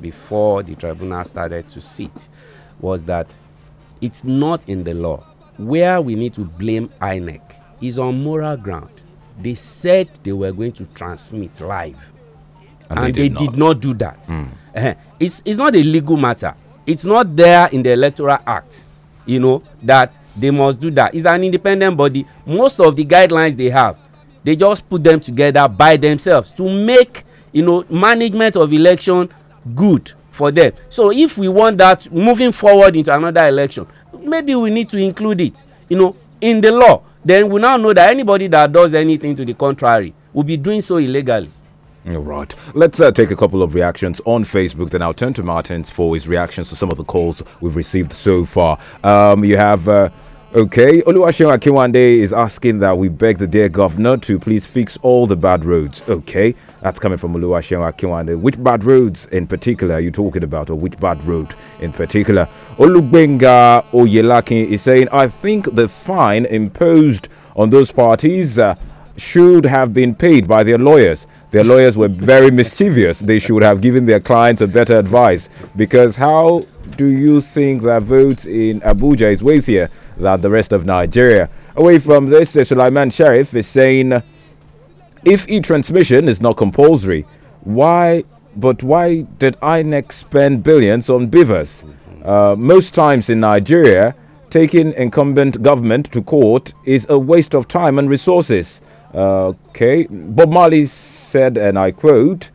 before the tribunal started to sit was that it's not in the law. Where we need to blame INEC is on moral ground. They said they were going to transmit live, and, and they, did, they not. did, not. do that. Mm. it's, it's not a legal matter, it's not there in the Electoral Act you know that they must do that it's an independent body most of the guidelines they have they just put them together by themselves to make you know management of election good for them so if we want that moving forward into another election maybe we need to include it you know in the law then we now know that anybody that does anything to the contrary will be doing so illegally all right. Let's uh, take a couple of reactions on Facebook. Then I'll turn to Martins for his reactions to some of the calls we've received so far. Um, you have. Uh Okay, Oluwaseun Akinwande is asking that we beg the dear governor to please fix all the bad roads. Okay, that's coming from Oluwaseun Akinwande. Which bad roads in particular are you talking about, or which bad road in particular? Olugbenga Oyelakin is saying, I think the fine imposed on those parties uh, should have been paid by their lawyers. Their lawyers were very mischievous. They should have given their clients a better advice because how do you think that votes in Abuja is worthier? than the rest of Nigeria. Away from this, uh, Sulaiman Sharif is saying if e transmission is not compulsory, why? But why did INEC spend billions on beavers? Mm-hmm. Uh, most times in Nigeria, taking incumbent government to court is a waste of time and resources. Uh, okay, Bob Marley said, and I quote,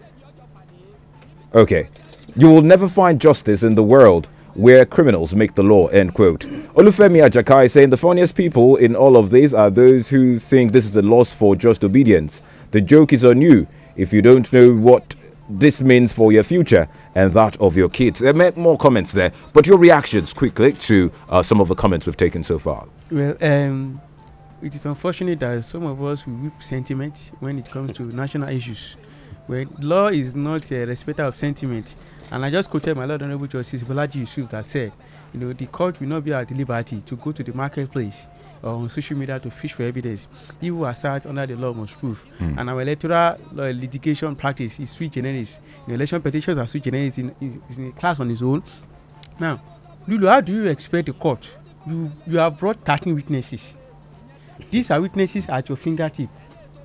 okay, you will never find justice in the world where criminals make the law, end quote. Olufemi Ajakai saying the funniest people in all of this are those who think this is a loss for just obedience. The joke is on you if you don't know what this means for your future and that of your kids. There make more comments there, but your reactions quickly to uh, some of the comments we've taken so far. Well, um, it is unfortunate that some of us we whip sentiment when it comes to national issues. When law is not a respecter of sentiment, and I just quoted my Lord Honorable Justice Balaji Yusuf that said, you know, the court will not be at liberty to go to the marketplace or on social media to fish for evidence. He who asserts under the law must prove. Mm. And our electoral uh, litigation practice is sui generis. Relation election petitions are sui generis in, in class on its own. Now, Lulu, how do you expect the court? You, you have brought 13 witnesses. These are witnesses at your fingertip.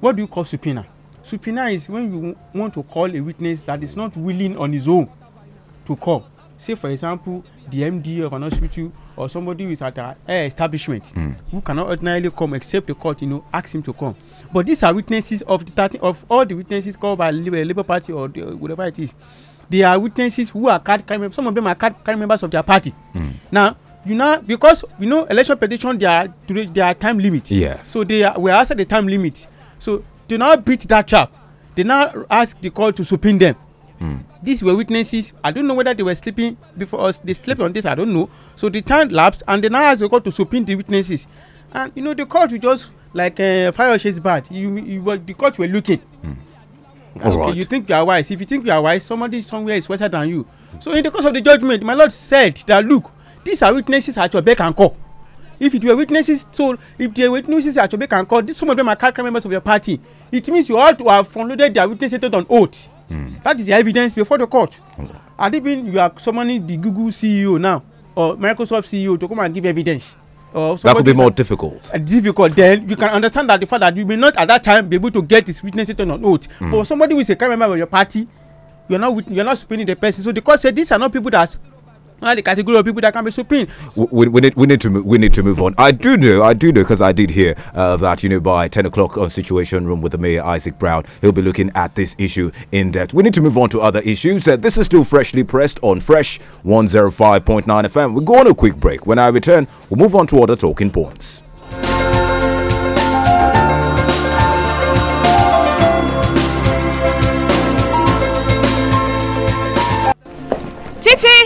What do you call subpoena? Subpoena is when you want to call a witness that is not willing on his own to come. Say, for example, the MD of an hospital or somebody with at an eh, establishment mm. who cannot ordinarily come except the court, you know, ask him to come. But these are witnesses of the of all the witnesses called by Labour, Labour Party or the, whatever it is. They are witnesses who are card carrying. Some of them are card carrying members of their party. Mm. Now, you know because you know election petition they are they are time limit. Yeah. So they are, were outside the time limit. So do now beat that chap. They now ask the court to subpoena them. Mm. These were witnesses. I don't know whether they were sleeping before us. They slept on this. I don't know. So the time lapsed, and then as we got to subpoena the witnesses, and you know the court will just like uh, fire chase bad. You, you were, the court were looking. Mm. okay, right. you think you are wise. If you think you are wise, somebody somewhere is wiser than you. So in the course of the judgment, my lord said that look, these are witnesses at your beck and call if it were witnesses so if they were witnesses at your beck and call this some of them are card members of your party it means you ought to have front their witness statement on oath Mm. That is the evidence before the court. Mm. they being? you are summoning the Google CEO now or Microsoft CEO to come and give evidence. Uh, that could be more difficult. Uh, difficult. Then you can understand that the fact that you may not at that time be able to get his witness on oath. Mm. But somebody with a current member of your party, you're not you're not subpoenaing the person. So the court said these are not people that are the category of people that can be supreme. We, we, need, we need to move, we need to move on. I do know, I do know, because I did hear uh, that you know by ten o'clock on Situation Room with the Mayor Isaac Brown, he'll be looking at this issue in depth. We need to move on to other issues. Uh, this is still freshly pressed on Fresh One Zero oh Five Point Nine FM. We go on a quick break. When I return, we'll move on to other talking points. Titi!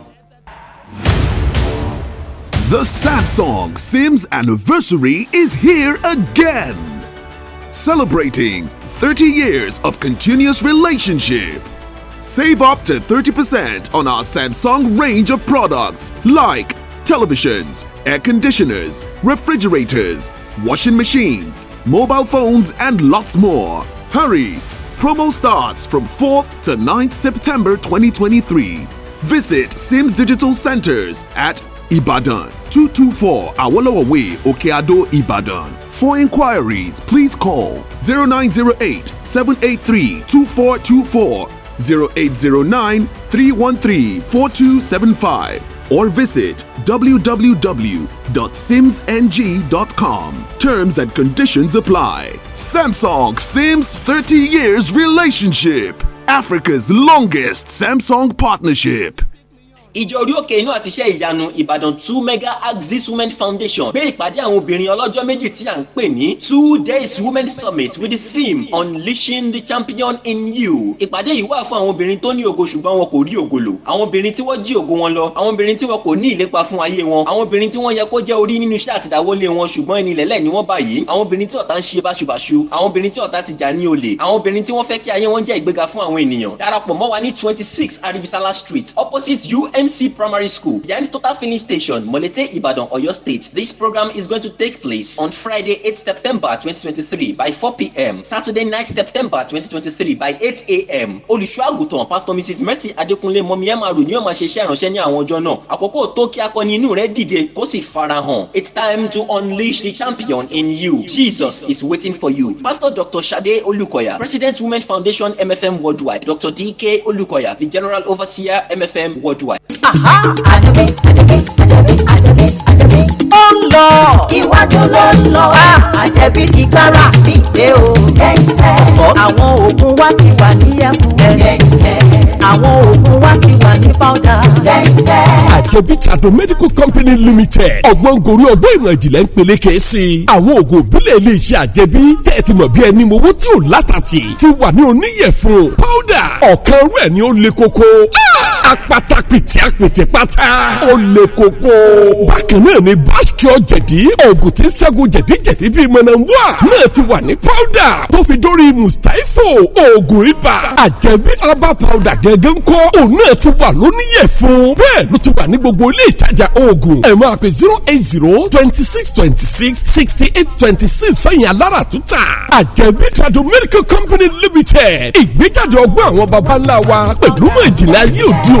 The Samsung Sims anniversary is here again. Celebrating 30 years of continuous relationship. Save up to 30% on our Samsung range of products like televisions, air conditioners, refrigerators, washing machines, mobile phones, and lots more. Hurry! Promo starts from 4th to 9th September 2023. Visit Sims Digital Centers at Ibadan, 224 Awolowo Way, Okeado, Ibadan. For inquiries, please call 0908 783 2424, 0809 313 4275, or visit www.simsng.com. Terms and conditions apply. Samsung Sims 30 Years Relationship, Africa's longest Samsung partnership. ìjọ orí òkè inú àtiṣe ìyanu ìbàdàn two mega axis women foundation gbé ìpàdé àwọn obìnrin ọlọ́jọ́ méjì tí à ń pè ní two days women summit with the theme unleashing the champion in you. ìpàdé yìí wà fún àwọn obìnrin tó ní ògo ṣùgbọ́n wọn kò rí ògo lò àwọn obìnrin tí wọ́n jí ògo wọn lọ àwọn obìnrin tí wọn kò ní ìlépa fún ayé wọn àwọn obìnrin tí wọ́n yẹ kó jẹ́ orí nínú iṣẹ́ àtìdáwọlé wọn ṣùgbọ́n ẹni lẹ́lẹ̀ ni wọ́n báyìí àwọn obìnrin tí ọ̀tá ń ṣe ti jà ní olè àwọn obìnrin tí wọ́n fẹ́ kí ayé wọn jẹ́ ìgbéga fún àwọn ènìyàn street opposite un MC Primary School behind Total Finish Station, Molete, Ibadan, Oyo State. This program is going to take place on Friday, 8 September 2023 by 4 p.m. Saturday night, September 2023 by 8 a.m. Olùṣọ́àgùtàn Pastor Mrs Mercy Adekunle Mọ́mí Ẹ̀màrú ni yóò máa ṣe iṣẹ́ ìránṣẹ́ ní àwọn ọjọ́ náà. Àkókò tó kí akọni inú rẹ̀ dìde kó sì farahàn. It's time to unleash the champion in you. Jesus is waiting for you. Pastor Dr. Sade Olukoya, President Women Foundation MFM Worldwide. Dr. DK Olukoya, the General Overseer MFM Worldwide àjẹbí àjẹbí àjẹbí àjẹbí àjẹbí. ó ń lọ. iwájú ló ń lọ. Ah! àjẹbí ti gbára mi dé o. àwọn oògùn wa ti wà ní ẹkùn àwọn oògùn wa ti wà ní pọ́dà. àjẹbí trado medical company limited ọgbọ́n gorí ọgbọ́n ìmọ̀ ìjìnlẹ̀ ń peléke sí i. àwọn oògùn òbílẹ̀ ilé iṣẹ́ àjẹbí tẹ̀tí mọ̀ bí ẹni mowó tí ò látàtì ti wà ní oníyẹ̀fun pọ́dà ọ̀kan rẹ̀ ni ó le koko apatapìtì apìtì pátá o le koko. bákan náà ni báṣkìọ́ jẹ̀dí oògùn tí ṣẹ́gun jẹ̀díjẹ̀dí bíi mọ̀nàmúà náà ti wà ní pọ́dà tó fi dórí mùsítáífò oògùn ibà àjẹbí herbal powder gẹ́gẹ́ ń kọ́ òun náà ti wà lóníyẹ̀ fún bẹ́ẹ̀ ló ti wà ní gbogbo ilé ìtajà oògùn ẹ máa pè zero eight zero twenty six twenty six sixty eight twenty six fẹ̀yìn alára tuta àjẹbí tradu medical company limited ìgbéjáde ọgbọ́n àwọn wa pẹ̀lú mọ̀ ìjìnlẹ̀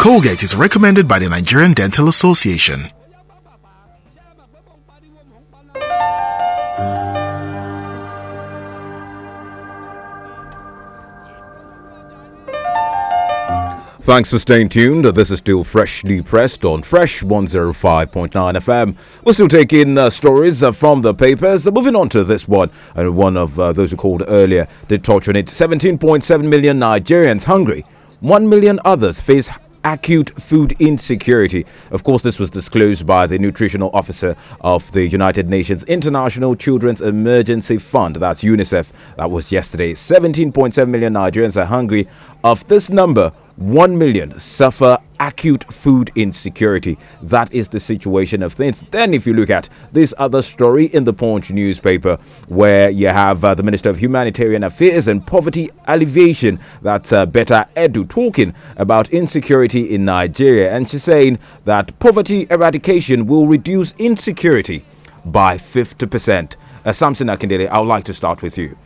Colgate is recommended by the Nigerian Dental Association. Thanks for staying tuned. This is still freshly pressed on Fresh 105.9 FM. We're still taking uh, stories uh, from the papers. Uh, moving on to this one, and one of uh, those who called earlier did touch on it. 17.7 million Nigerians hungry. One million others face acute food insecurity. Of course, this was disclosed by the nutritional officer of the United Nations International Children's Emergency Fund, that's UNICEF. That was yesterday. 17.7 million Nigerians are hungry. Of this number, 1 million suffer acute food insecurity. That is the situation of things. Then, if you look at this other story in the Punch newspaper, where you have uh, the Minister of Humanitarian Affairs and Poverty Alleviation, that's uh, Beta Edu, talking about insecurity in Nigeria. And she's saying that poverty eradication will reduce insecurity by 50%. Uh, Samson Akindele, I would like to start with you.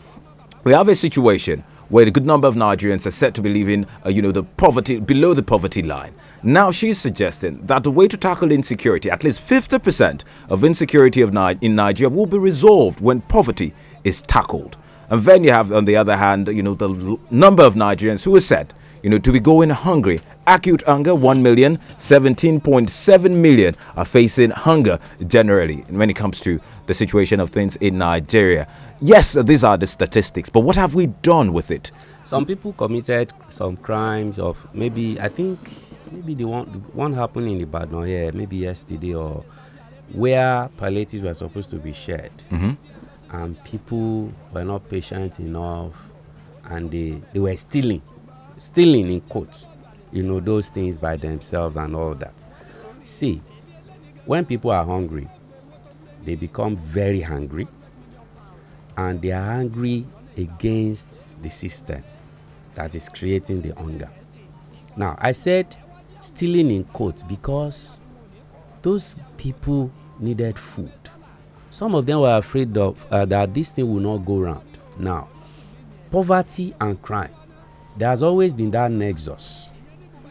We have a situation where a good number of Nigerians are said to be living, uh, you know, the poverty below the poverty line. Now she's suggesting that the way to tackle insecurity, at least 50% of insecurity of Ni in Nigeria, will be resolved when poverty is tackled. And then you have, on the other hand, you know, the number of Nigerians who are said, you know, to be going hungry. Acute hunger, 1 million, 17.7 million are facing hunger generally when it comes to the situation of things in Nigeria. Yes, these are the statistics, but what have we done with it? Some people committed some crimes of maybe, I think, maybe the one, the one happened in Ibadan here, yeah, maybe yesterday or where palliatives were supposed to be shared. Mm -hmm and people were not patient enough and they, they were stealing stealing in quotes you know those things by themselves and all that see when people are hungry they become very hungry and they are angry against the system that is creating the hunger now i said stealing in quotes because those people needed food some of them were afraid of uh, that this thing will not go round. Now, poverty and crime. There has always been that nexus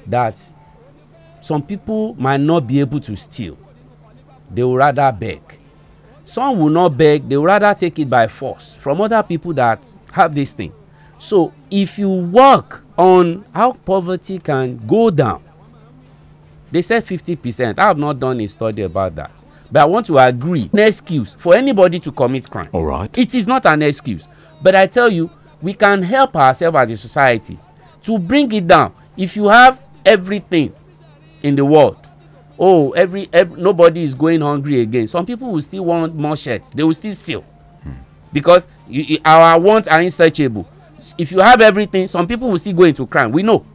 that some people might not be able to steal. They will rather beg. Some will not beg, they will rather take it by force from other people that have this thing. So, if you work on how poverty can go down, they said 50%. I have not done a study about that but I want to agree. An excuse for anybody to commit crime. All right. It is not an excuse. But I tell you, we can help ourselves as a society to bring it down. If you have everything in the world, oh, every, every nobody is going hungry again. Some people will still want more shirts. They will still steal. Hmm. Because you, you, our wants are insatiable. If you have everything, some people will still go into crime. We know.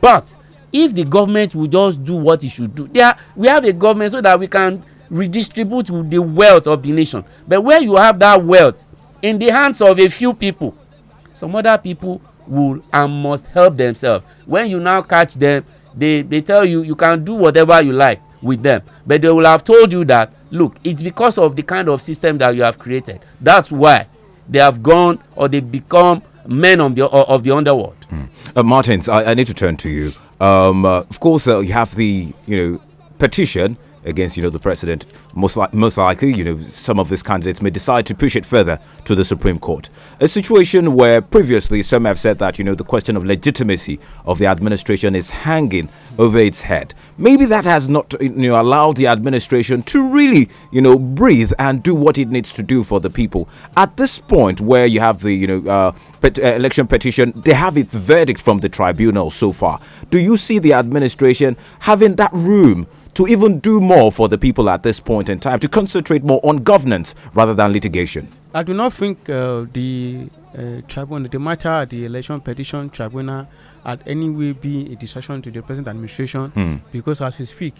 But if the government will just do what it should do, there we have a government so that we can redistribute the wealth of the nation but where you have that wealth in the hands of a few people some other people will and must help themselves when you now catch them they they tell you you can do whatever you like with them but they will have told you that look it's because of the kind of system that you have created that's why they have gone or they become men of the, of the underworld. Mm. Uh, Martins, I, I, need to turn to you. Um, uh, of course, uh, you have the you know petition against you know the president most like most likely you know some of these candidates may decide to push it further to the supreme court a situation where previously some have said that you know the question of legitimacy of the administration is hanging over its head maybe that has not you know allowed the administration to really you know breathe and do what it needs to do for the people at this point where you have the you know uh, pet- uh, election petition they have its verdict from the tribunal so far do you see the administration having that room to even do more for the people at this point in time, to concentrate more on governance rather than litigation? I do not think uh, the uh, tribunal, the matter the election petition tribunal, had any way be a distraction to the present administration mm. because as we speak,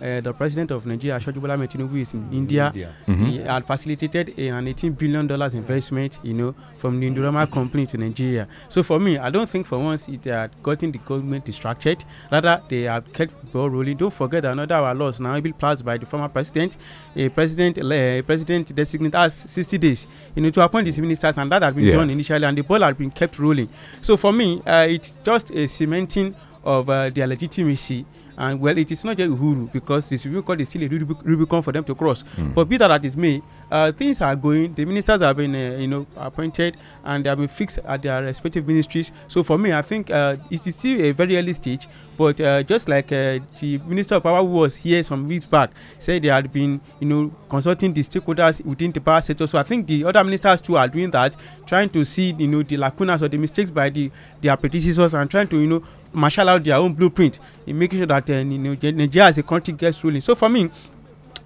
uh, the president of Nigeria, Shoji Bola Tinubu, is in India. India. Mm-hmm. He had facilitated an 18 billion dollars investment, you know, from the Indorama mm-hmm. company to Nigeria. So for me, I don't think for once it had gotten the government distracted. Rather, they have kept the ball rolling. Don't forget another our laws now been passed by the former president. A president, a president designate as 60 days, you know, to appoint his ministers, and that has been yeah. done initially, and the ball has been kept rolling. So for me, uh, it's just a cementing of uh, their legitimacy and well it is not just uhuru because the supreme court is still a rubicon for them to cross mm. but be that as it may uh, things are going the ministers have been uh, you know appointed and they have been fixed at their respective ministries so for me i think uh, it is still a very early stage but uh, just like uh, the minister of power who was here some weeks back said they had been you know consulting the stakeholders within the power sector so i think the other ministers too are doing that trying to see you know the lacunas or the mistakes by the their predecessors and trying to you know marshal out their own blueprint in making sure that uh, Nigeria as a country gets ruling. So for me,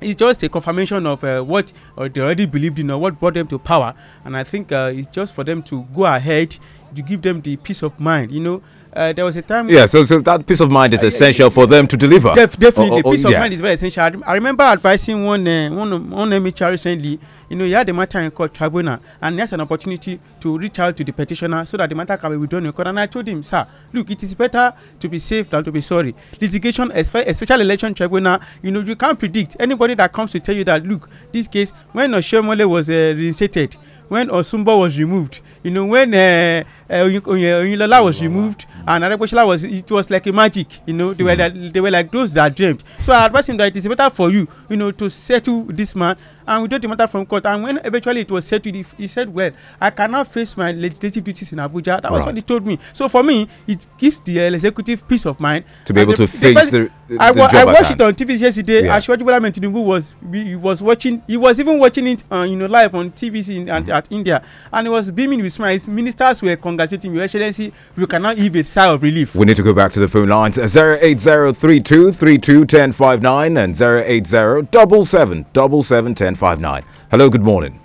it's just a confirmation of uh, what uh, they already believed in or what brought them to power. And I think uh, it's just for them to go ahead to give them the peace of mind. You know, uh, there was a time. Yeah, so, so that peace of mind is uh, essential for them to deliver. Def definitely, or, oh, or, oh, oh, peace or, of mind is very essential. I, I remember advising one uh, one one MHR recently you know, you had the matter in court tribunal, and there's an opportunity to reach out to the petitioner so that the matter can be withdrawn in court. And I told him, sir, look, it is better to be safe than to be sorry. Litigation, especially election tribunal, you know, you can't predict. Anybody that comes to tell you that, look, this case, when Oshomole was uh, reinstated, when Osumbo was removed, you know, when uh, uh, Oyinlola was removed and Aregbosela was, it was like a magic, you know, they were, they were like those that dreamt. So I advise him that it is better for you, you know, to settle this man and we don't demand that from court and when eventually it was settled he said well i cannot face my legislative duties in abuja that right. was what he told me so for me it gives the uh, executive peace of mind. to be able the, to face the, the, the I, job i watched it on tv yesterday yeah. ashwaju bola was he was watching he was even watching it uh, you know live on tvc in, mm at, mm-hmm. at, india and he was beaming with smiles ministers were congratulating your excellency we cannot even sigh of relief. we need to go back to the phone lines zero eight zero three two three two ten five nine and zero eight zero double seven double seven ten 959. Hello, good morning.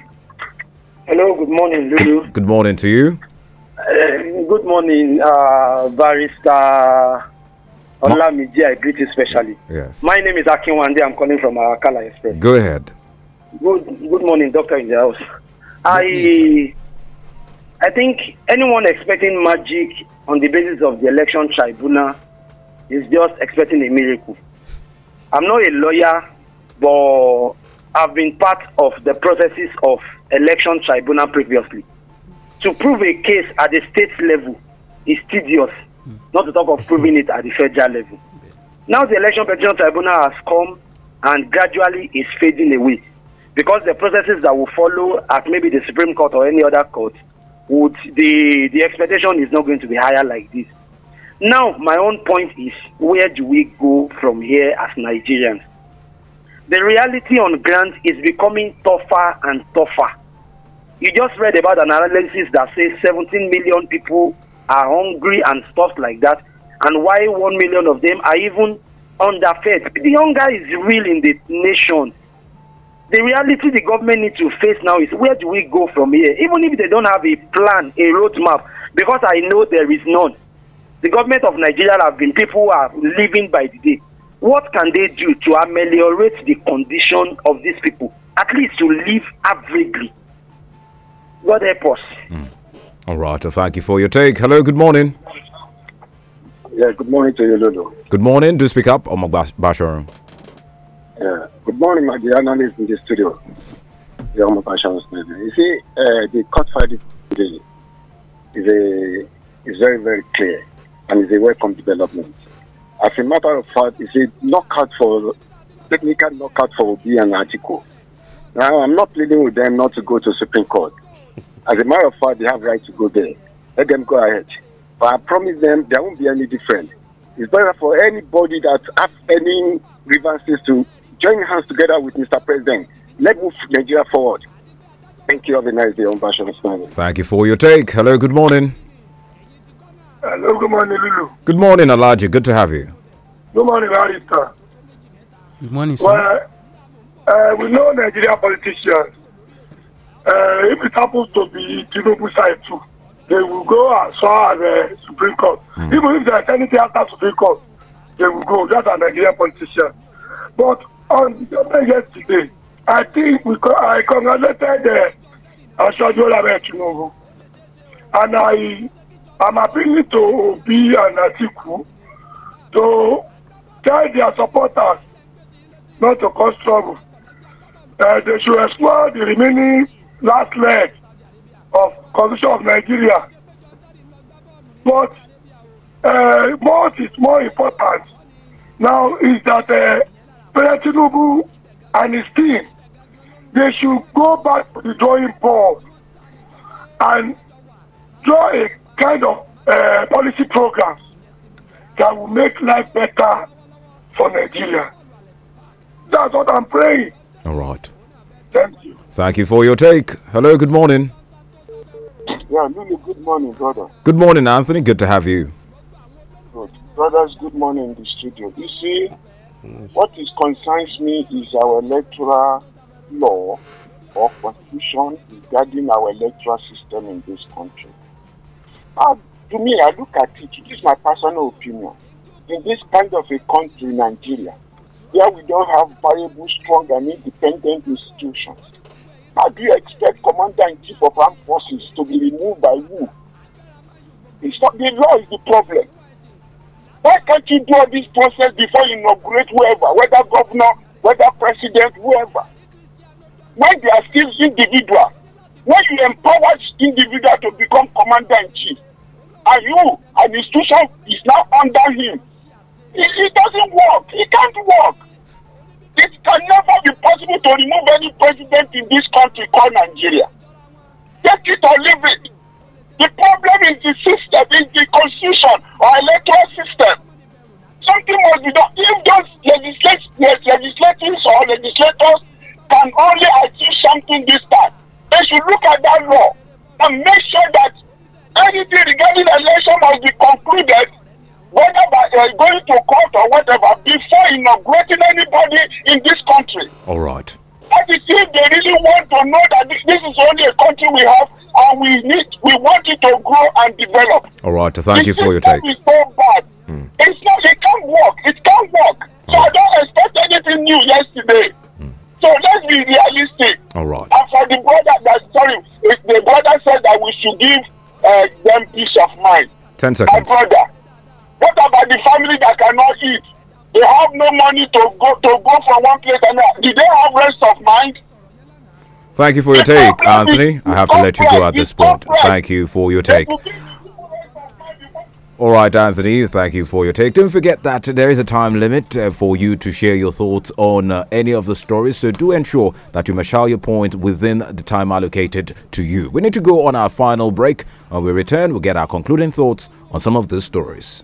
Hello, good morning, Lulu. Good morning to you. Um, good morning, uh, Barrister Olamide. I greet you specially. Yes. My name is Akinwande. I'm calling from Akala Express. Go ahead. Good, good morning, Doctor in the house. I, I think anyone expecting magic on the basis of the election tribunal is just expecting a miracle. I'm not a lawyer, but have been part of the processes of election tribunal previously. To prove a case at the state level is tedious, mm. not to talk of proving it at the federal level. Now the election petition tribunal has come and gradually is fading away because the processes that will follow at maybe the Supreme Court or any other court would the the expectation is not going to be higher like this. Now my own point is where do we go from here as Nigerians? the reality on grants is becoming tougher and tougher. You just read about an analysis that says 17 million people are hungry and stuff like that, and why 1 million of them are even underfed. The hunger is real in the nation. The reality the government needs to face now is where do we go from here? Even if they don't have a plan, a roadmap, because I know there is none. The government of Nigeria have been people who are living by the day what can they do to ameliorate the condition of these people, at least to live averagely? God help us. Mm. All right, thank you for your take. Hello, good morning. Yeah, good morning to you, Dodo. Good morning. Do speak up, Omar Basharon. Yeah, good morning, my dear analyst in the studio. You see, uh, the court fight today is, a, is very, very clear and is a welcome development. As a matter of fact, it's a knockout for technical knockout for Obi and Article. Now, I'm not pleading with them not to go to Supreme Court. As a matter of fact, they have right to go there. Let them go ahead. But I promise them there won't be any difference. It's better for anybody that has any grievances to join hands together with Mr. President. let move Nigeria forward. Thank you. Have a nice day Thank you for your take. Hello, good morning. Hello, good morning, Lulu. Good morning, Alaji. Good to have you. Good morning, Arista. Good morning, sir. Well, uh, uh we know Nigerian politicians. Uh, if it happens to be Tinubu side too, they will go as far as uh, Supreme Court. Mm. Even if there is anything after Supreme Court, they will go. That's a Nigerian politician. But on yesterday, I think we co- I congratulated uh, Ashwajola Tinubu. And I I'm appealing to be an Atiku to tell their supporters not to cause trouble. Uh, they should explore the remaining last leg of constitution of Nigeria. But uh, what is more important now is that uh, President and his team they should go back to the drawing board and draw a kind of uh, policy programs that will make life better for Nigeria. That's what I'm praying. All right. Thank you. Thank you for your take. Hello, good morning. Yeah, really good morning, brother. Good morning, Anthony. Good to have you. Good. Brothers, good morning in the studio. You see, what is concerns me is our electoral law or constitution regarding our electoral system in this country. Uh, to me, I look at it, it is my personal opinion. In this kind of a country, Nigeria, where we don't have viable, strong, and independent institutions, how do you expect commander in chief of armed forces to be removed by who? It's not the law is the problem. Why can't you do all this process before you inaugurate whoever, whether governor, whether president, whoever? When they are still individual, when you empower individual to become commander in chief, and you, an institution, is now under him. It, doesn't work. It can't work. It can never be possible to remove any president in this country called Nigeria. Take it or leave it. The problem is the system, is the constitution or electoral system. Something must be done. If those legislat- legislators or legislators can only achieve something this time, they should look at that law and make sure that anything regarding election must be concluded whether by uh, going to court or whatever before inaugurating anybody in this country. All right. That is if they really want to know that this is only a country we have and we need we want it to grow and develop. All right. Thank you for your take. It's so bad. Mm. It's not. It can't work. It can't work. So hmm. I don't expect anything new yesterday. Mm. So let's be realistic. All right. And for the brother that sorry, the brother said that we should give uh, them peace of mind. Ten seconds. My brother, what about the family that cannot eat? They have no money to go to go from one place and another. Do they have rest of mind? Thank you for your take, Anthony. I have to let you go at this point. Thank you for your take. All right, Anthony, thank you for your take. Don't forget that there is a time limit uh, for you to share your thoughts on uh, any of the stories, so do ensure that you marshal your points within the time allocated to you. We need to go on our final break. When we return, we'll get our concluding thoughts on some of these stories.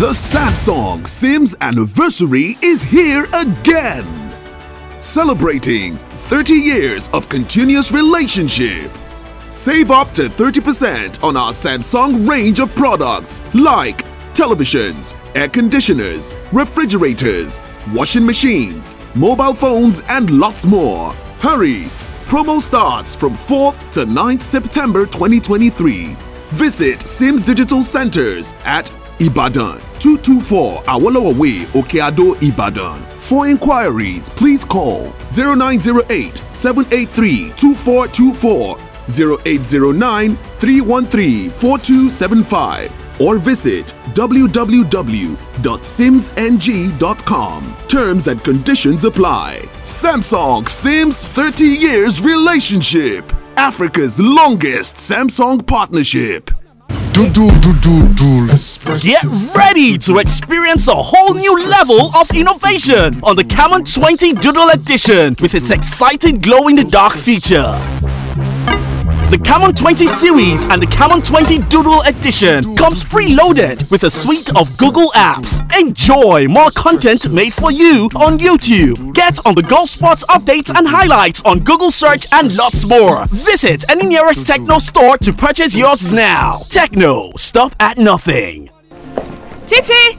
The Samsung Sims anniversary is here again. Celebrating 30 years of continuous relationship. Save up to 30% on our Samsung range of products like televisions, air conditioners, refrigerators, washing machines, mobile phones, and lots more. Hurry! Promo starts from 4th to 9th September 2023. Visit Sims Digital Centers at Ibadan, 224 Awolowo Way, Okeado, Ibadan. For inquiries, please call 0908 783 2424, 0809 313 4275, or visit www.simsng.com. Terms and conditions apply. Samsung Sims 30 Years Relationship, Africa's longest Samsung partnership. Get ready to experience a whole new level of innovation on the Camon 20 Doodle Edition with its exciting glow in the dark feature. The Camon 20 series and the Camon 20 Doodle edition comes preloaded with a suite of Google apps. Enjoy more content made for you on YouTube. Get on the golf spots updates and highlights on Google search and lots more. Visit any nearest techno store to purchase yours now. Techno, stop at nothing. Titi!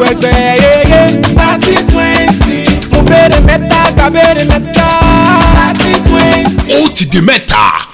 oṣù ẹgbẹ́ yeye. thirty twenty. mo béèrè mẹ́ta gbà mẹ́ta. thirty twenty. ó ti di mẹ́ta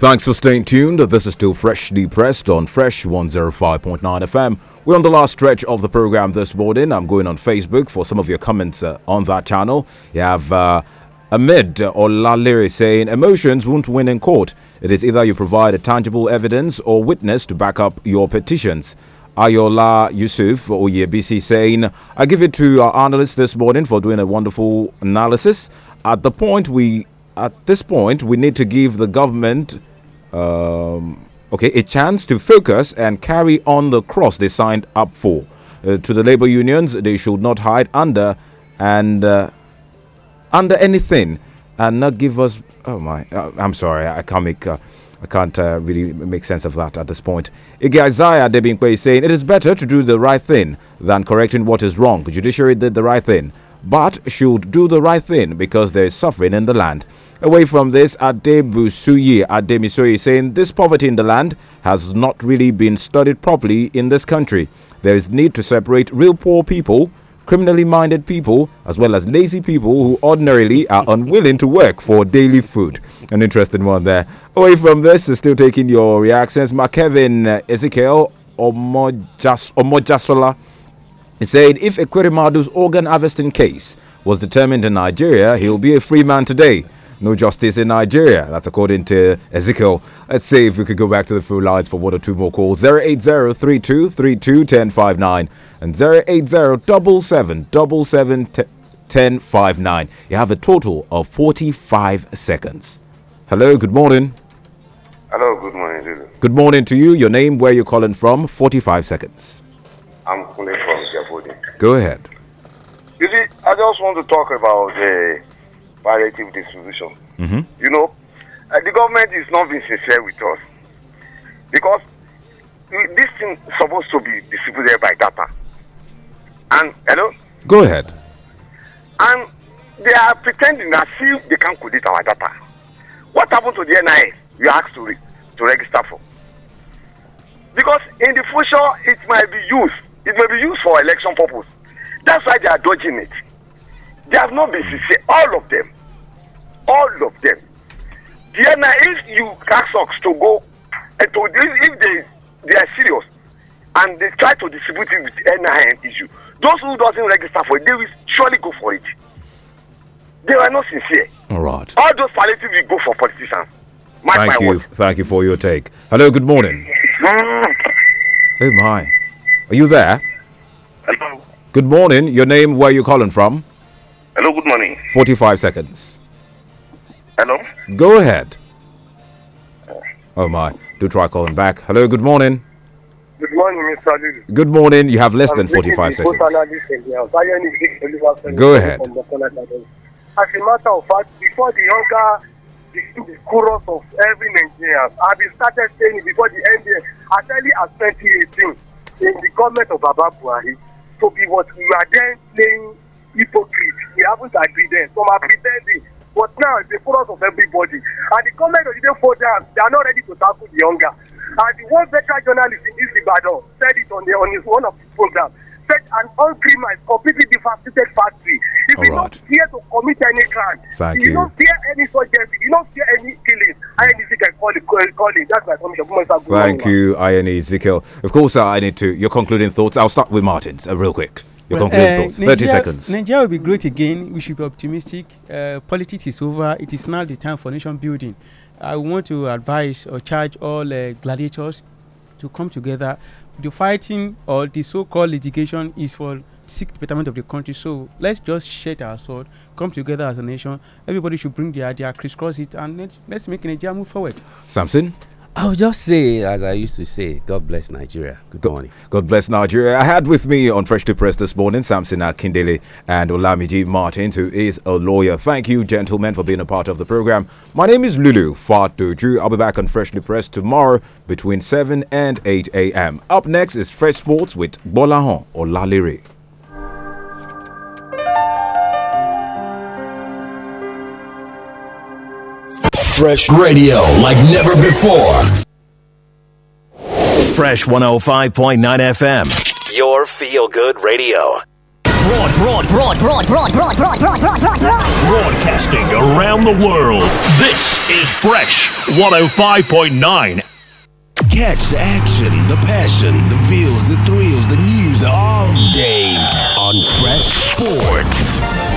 Thanks for staying tuned. This is still freshly pressed on Fresh 105.9 FM. We're on the last stretch of the program this morning. I'm going on Facebook for some of your comments uh, on that channel. You have uh, or Olaliri saying, Emotions won't win in court. It is either you provide a tangible evidence or witness to back up your petitions. Ayola Yusuf Oyebisi saying, I give it to our analysts this morning for doing a wonderful analysis. At the point we at this point, we need to give the government um, okay, a chance to focus and carry on the cross they signed up for. Uh, to the labor unions, they should not hide under and uh, under anything and not give us. Oh my, uh, I'm sorry, I can't make. Uh, I can't uh, really make sense of that at this point. Ige Isaiah Debinque is saying it is better to do the right thing than correcting what is wrong. Judiciary did the right thing, but should do the right thing because there is suffering in the land. Away from this, Adebusuyi Ademisoyi saying this poverty in the land has not really been studied properly in this country. There is need to separate real poor people criminally minded people as well as lazy people who ordinarily are unwilling to work for daily food. An interesting one there. Away from this, still taking your reactions. Kevin uh, Ezekiel Omojasola. Omojasola said if Ekwerimadu's organ harvesting case was determined in Nigeria, he'll be a free man today no justice in Nigeria. That's according to Ezekiel. Let's see if we could go back to the full lines for one or two more calls. 08032321059 and double seven ten five nine. You have a total of 45 seconds. Hello, good morning. Hello, good morning. Good morning to you. Your name, where you're calling from, 45 seconds. I'm calling from Jabodi. Go ahead. You see, I just want to talk about the uh, palliative distribution, Mm -hmm. You know, uh, the government is not being sincere with us because this thing is supposed to be distributed by data. And hello. Go ahead. And they are pretending as if they can not collect our data. What happened to the NIS? You asked to, re to register for. Because in the future, it might be used. It may be used for election purpose. That's why they are dodging it. They have not been sincere, all of them. All of them. Diana, if you ask us to go, and eh, to, if they, they are serious and they try to distribute it with NIN issue, those who doesn't register for it, they will surely go for it. They were not sincere. All right. All those palliative will go for politicians. thank you. Word. Thank you for your take. Hello, good morning. oh my. Are you there? Hello. Good morning. Your name, where are you calling from? Hello, good morning. 45 seconds. Hello? Go ahead. Oh my, do try calling back. Hello, good morning. Good morning, Mr. Lulu. Good morning, you have less I'm than 45 seconds. Go ahead. As a matter of fact, before the hunger became the chorus of every Nigerian, I've been started saying before the NDA, as early as 2018, in the government of Baba Buhari, to be what we are then playing Hypocrite! We haven't agreed there. Some are pretending. But now it's the focus of everybody. And the comment of the four dams, they are not ready to tackle the younger. And the one veteran journalist in East Ibadan said it on, the, on his one of his programs. Said an hungry is completely devastated factory. If All you right. don't fear to commit any crime, Thank you, don't fear any surgery, you don't fear any killing, it, That's my Thank you, Ian Ezekiel. Of course, I need to. Your concluding thoughts. I'll start with Martins uh, real quick. Your well, concluding uh, thoughts. 30 seconds. Nigeria will be great again. We should be optimistic. Uh, politics is over. It is now the time for nation building. I want to advise or charge all uh, gladiators to come together. The fighting or the so-called litigation is for sick betterment of the country. So let's just shed our sword, come together as a nation. Everybody should bring their idea, crisscross it, and let's make Nigeria move forward. Something. I'll just say, as I used to say, God bless Nigeria. Good God, morning. God bless Nigeria. I had with me on Fresh to Press this morning Samson Akindele and Olamiji Martin, who is a lawyer. Thank you, gentlemen, for being a part of the program. My name is Lulu Fatuju. I'll be back on Freshly Press tomorrow between 7 and 8 a.m. Up next is Fresh Sports with Bolahon Olalire. Fresh radio like never before. Fresh 105.9 FM, your feel good radio. Broad, broad, broad, broad, broad, broad, broad, broad, broad, broad, Broadcasting around the world. This is Fresh 105.9 Catch the action, the passion, the feels, the thrills, the news all day on Fresh Sports.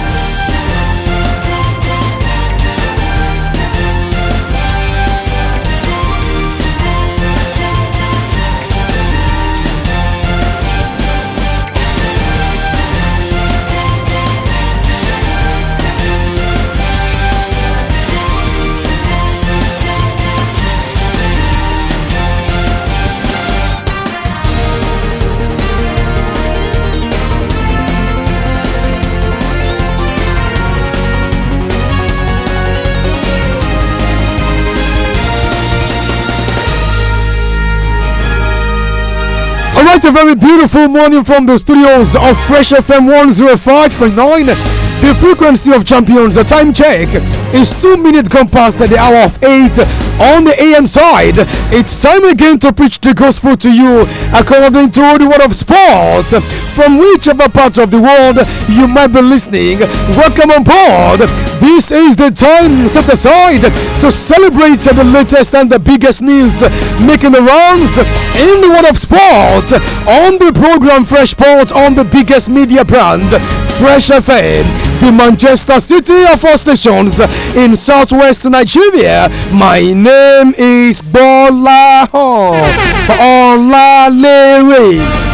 It's a very beautiful morning from the studios of Fresh FM 105.9, the frequency of champions. The time check is two minutes gone past the hour of eight on the AM side. It's time again to preach the gospel to you according to the word of sport from whichever part of the world you might be listening. Welcome on board this is the time set aside to celebrate the latest and the biggest news making the rounds in the world of sport on the program Fresh Sports on the biggest media brand, Fresh FM the Manchester City of all stations in southwest Nigeria. My name is Bola Ho Olalere.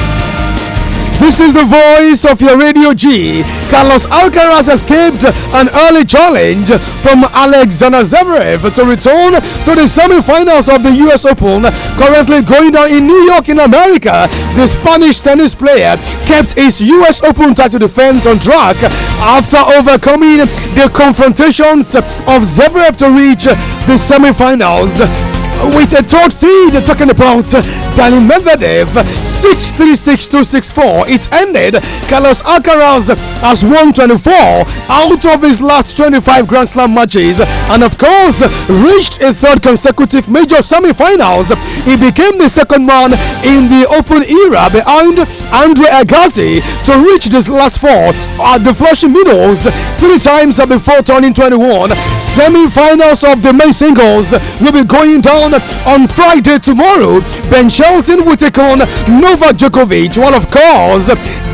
This is the voice of your Radio G. Carlos Alcaraz escaped an early challenge from Alexander Zverev to return to the semifinals of the US Open, currently going down in New York in America. The Spanish tennis player kept his US Open title defense on track after overcoming the confrontations of Zverev to reach the semifinals with a third seed talking about uh, Dani Medvedev 6-3-6-2-6-4 it ended Carlos Alcaraz has won 24 out of his last 25 Grand Slam matches and of course reached a third consecutive major semi-finals he became the second man in the open era behind Andre Agassi to reach this last four at the Flushing Meadows three times before turning 21 semi-finals of the men's singles will be going down on on Friday tomorrow. Ben Shelton will take on Novak Djokovic. Well, of course,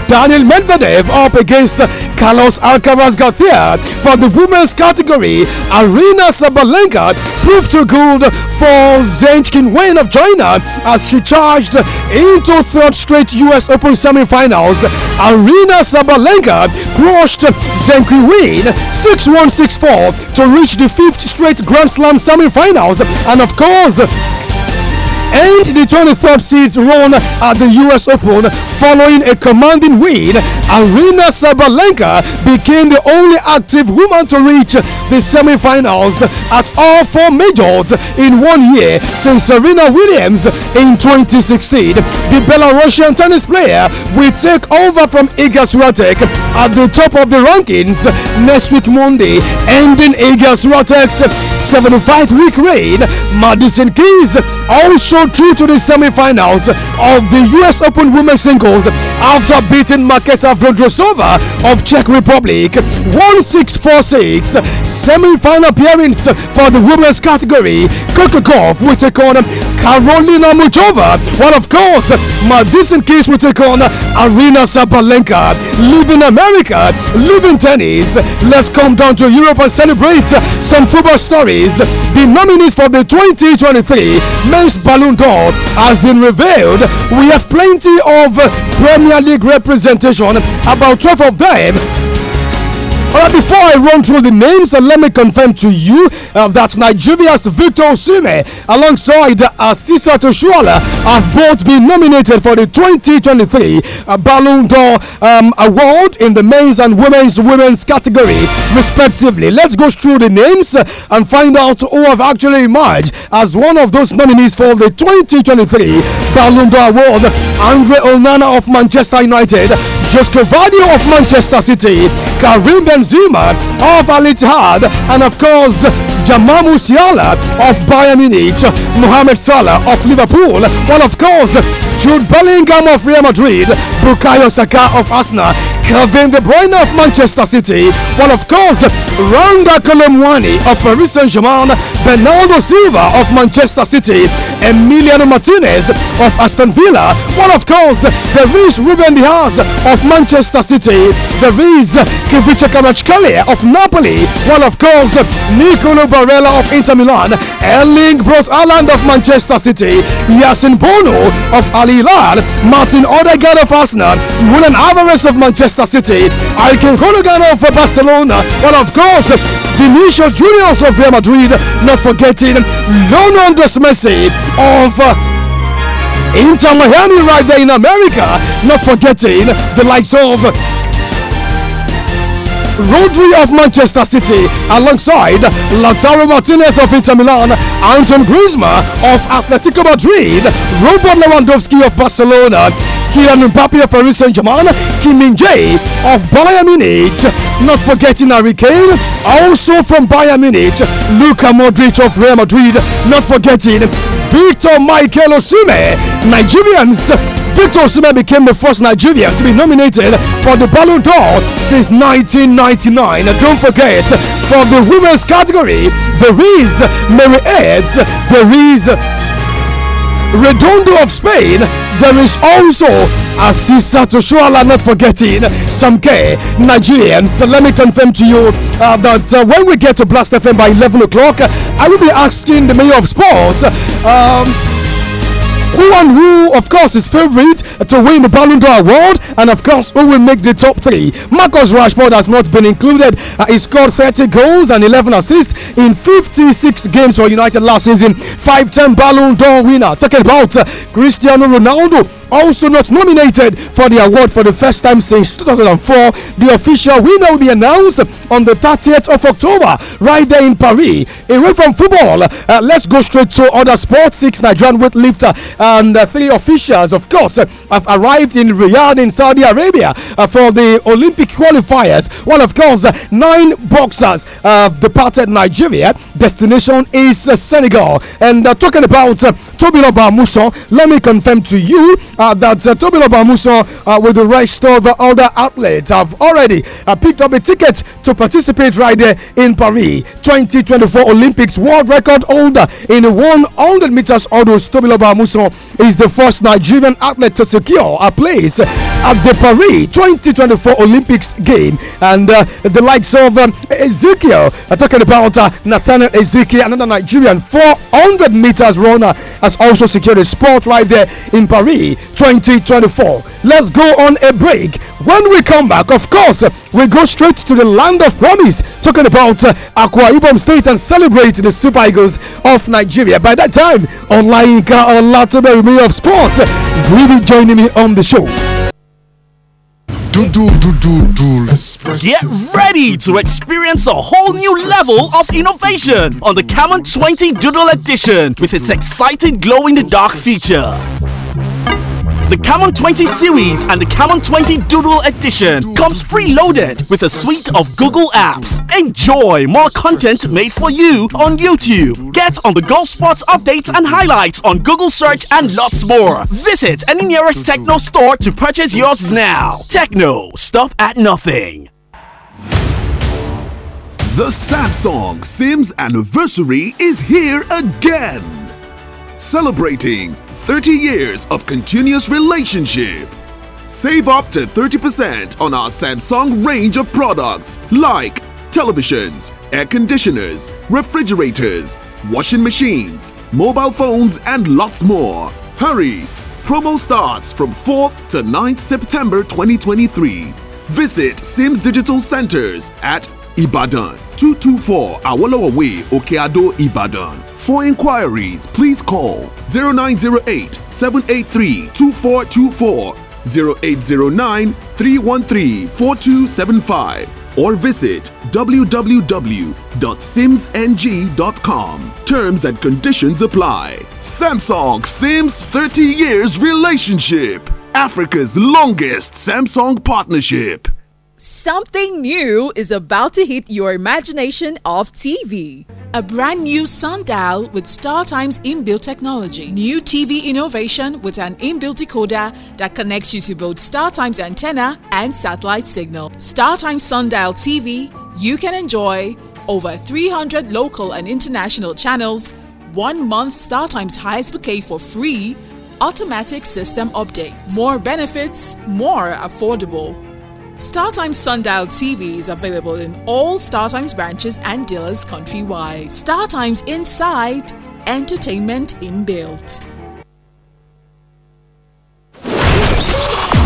Daniel Medvedev up against Carlos Alcaraz Garcia for the women's category. Arena Sabalenka proved too good for Zenchkin Wen of China as she charged into third straight US Open semifinals. Arena Sabalenka crushed Zenchkin Wen 6 1 6 4 to reach the fifth straight Grand Slam semifinals and, of course, end the 23rd seeds run at the US Open following a commanding win. Arena Sabalenka became the only active woman to reach the semifinals at all four majors in one year since Serena Williams in 2016. The Belarusian tennis player will take over from Iga Swiatek at the top of the rankings next week Monday, ending Iga Swiatek's 75-week reign. Madison Keys also through to the semi-finals of the US Open Women's Singles after beating Marketa Vondrosova of Czech Republic 1646 semi-final appearance for the women's category Kokokov will take on Karolina Muchova while of course Madison Keys will take on Arena Sabalenka Live in America live in tennis let's come down to Europe and celebrate some football stories the nominees for the 2023 men's balloon Door has been revealed. We have plenty of Premier League representation, about 12 of them Right, before I run through the names, uh, let me confirm to you uh, that Nigeria's Victor Osimhen, alongside uh, Cesar Toshuala, have both been nominated for the 2023 uh, Ballon d'Or um, Award in the men's and women's women's category, respectively. Let's go through the names uh, and find out who have actually emerged as one of those nominees for the 2023 Ballon d'Or Award. Andre Onana of Manchester United. Joscovani of Manchester City, Karim Benzema of Al Ittihad, and of course Jamal Musiala of Bayern Munich, Mohamed Salah of Liverpool, and of course Jude Bellingham of Real Madrid, Bukayo Saka of Arsenal, Kevin De Bruyne of Manchester City, well, of course, Randa Colomwani of Paris Saint Germain, Bernardo Silva of Manchester City, Emiliano Martinez of Aston Villa, well, of course, there is Ruben Diaz of Manchester City, there is Kivica Kvaratskhelia of Napoli, well, of course, Nicolo Barella of Inter Milan, Erling Bros Island of Manchester City, Yasin Bono of Al Hilal, Martin Odegaard of Arsenal, Julian Alvarez of Manchester Leicester City, Ike Hologan over Barcelona, and of course, Vinicius Junior of Real Madrid, not forgetting Lionel Messi of uh, Inter Miami right there in America, not forgetting the likes of Rodri of Manchester City alongside Lautaro Martinez of Inter Milan, Anton Griezmann of Atletico Madrid, Robert Lewandowski of Barcelona, Kylian Mbappe of Paris Saint-Germain, Kim Min-jae of Bayern Munich, not forgetting Harry Kane, also from Bayern Munich, Luka Modric of Real Madrid, not forgetting Victor Michael Osimhen, Nigerians Victor Osimhen became the first Nigerian to be nominated for the Ballon d'Or since 1999. Don't forget, for the women's category, there is Mary Ebbs, there is Redondo of Spain, there is also a Asisa Toshuala, not forgetting K Nigerian. So let me confirm to you uh, that uh, when we get to Blast FM by 11 o'clock, I will be asking the mayor of sport. Um, who and who, of course, is favourite to win the Ballon d'Or award, and of course, who will make the top three? Marcus Rashford has not been included. Uh, he scored 30 goals and 11 assists in 56 games for United last season. Five-time Ballon d'Or winner. Talking about uh, Cristiano Ronaldo also not nominated for the award for the first time since 2004. The official winner will be announced on the 30th of October, right there in Paris. Away from football, uh, let's go straight to other sports. Six Nigerian weightlifter and uh, three officials, of course, uh, have arrived in Riyadh in Saudi Arabia uh, for the Olympic qualifiers. Well, of course, nine boxers have departed Nigeria. Destination is uh, Senegal. And uh, talking about Tobiloba Musa, Let me confirm to you uh, that uh, Tobiloba Musa, uh, with the rest of the other outlets, have already uh, picked up a ticket to participate right there in Paris 2024 Olympics. World record holder in the 100 meters hurdles, Tobiloba Musa is the first Nigerian athlete to secure a place at the Paris 2024 Olympics game. And uh, the likes of um, Ezekiel, uh, talking about uh, Nathaniel Ezekiel, another Nigerian 400 meters runner, has also secured a spot right there in Paris 2024. Let's go on a break. When we come back, of course, we go straight to the land of promise, talking about uh, Akwa Ibom State and celebrate the Super Eagles of Nigeria. By that time, online Olayinka Premier of Sports, will be joining me on the show. Get ready to experience a whole new level of innovation on the Camon 20 Doodle Edition with its exciting glow in the dark feature. The Camon 20 series and the Camon 20 Doodle edition comes preloaded with a suite of Google apps. Enjoy more content made for you on YouTube. Get on the golf sports updates and highlights on Google search and lots more. Visit any nearest techno store to purchase yours now. Techno, stop at nothing. The Samsung Sims anniversary is here again. Celebrating 30 years of continuous relationship. Save up to 30% on our Samsung range of products like televisions, air conditioners, refrigerators, washing machines, mobile phones, and lots more. Hurry! Promo starts from 4th to 9th September 2023. Visit Sims Digital Centers at Ibadan 224 Awolowo Way, Okeado, Ibadan. For inquiries, please call 0908 783 2424, 0809 313 4275, or visit www.simsng.com. Terms and conditions apply. Samsung Sims 30 Years Relationship, Africa's longest Samsung partnership. Something new is about to hit your imagination of TV. A brand new sundial with StarTime's inbuilt technology. New TV innovation with an inbuilt decoder that connects you to both StarTime's antenna and satellite signal. StarTime Sundial TV, you can enjoy over 300 local and international channels, one month StarTime's highest bouquet for free, automatic system update. More benefits, more affordable. StarTimes Sundial TV is available in all StarTimes branches and dealers countrywide. StarTimes Inside, entertainment inbuilt.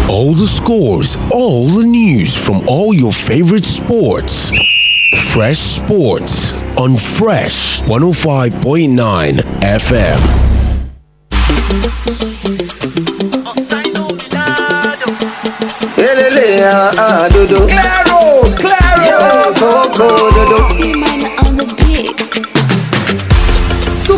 All the scores, all the news from all your favorite sports. Fresh Sports on Fresh 105.9 FM. Elele, ah, do, ah, dodo. Claro, claro. Yo, coco,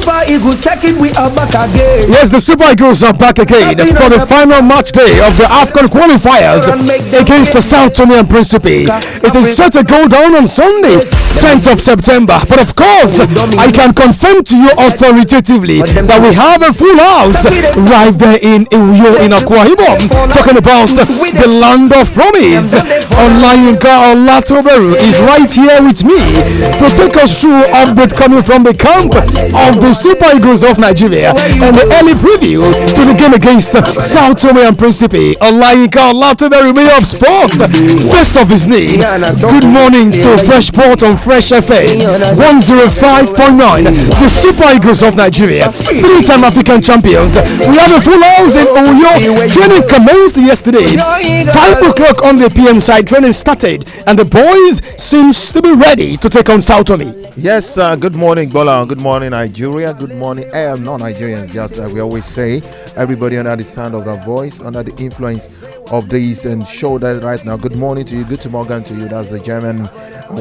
Super Eagles, check we are back again. Yes, the Super Eagles are back again for the final match day of the AFCON qualifiers against the South Tomian Principe. It is set to go down on Sunday, 10th of September. But of course, I can confirm to you authoritatively that we have a full house right there in Uyo in Akwa Ibom, talking about the land of promise. Olayinka Olatoberu is right here with me to take us through update coming from the camp of the the Super Eagles of Nigeria and the early preview to the game against South Tome and Principe. Olayinka Olatunberi, Mayor of Sport, first of his name. Good morning to Fresh Port on Fresh FA 105.9. The Super Eagles of Nigeria, three-time African champions. We have a full house in Oyo. Training commenced yesterday. Five o'clock on the PM side. Training started, and the boys seems to be ready to take on South Tome. Yes, uh, good morning, Bola. Good morning, Nigeria. Good morning. I am not Nigerian, just like we always say. Everybody under the sound of our voice, under the influence of this and show that right now. Good morning to you. Good to Morgan to you. That's the German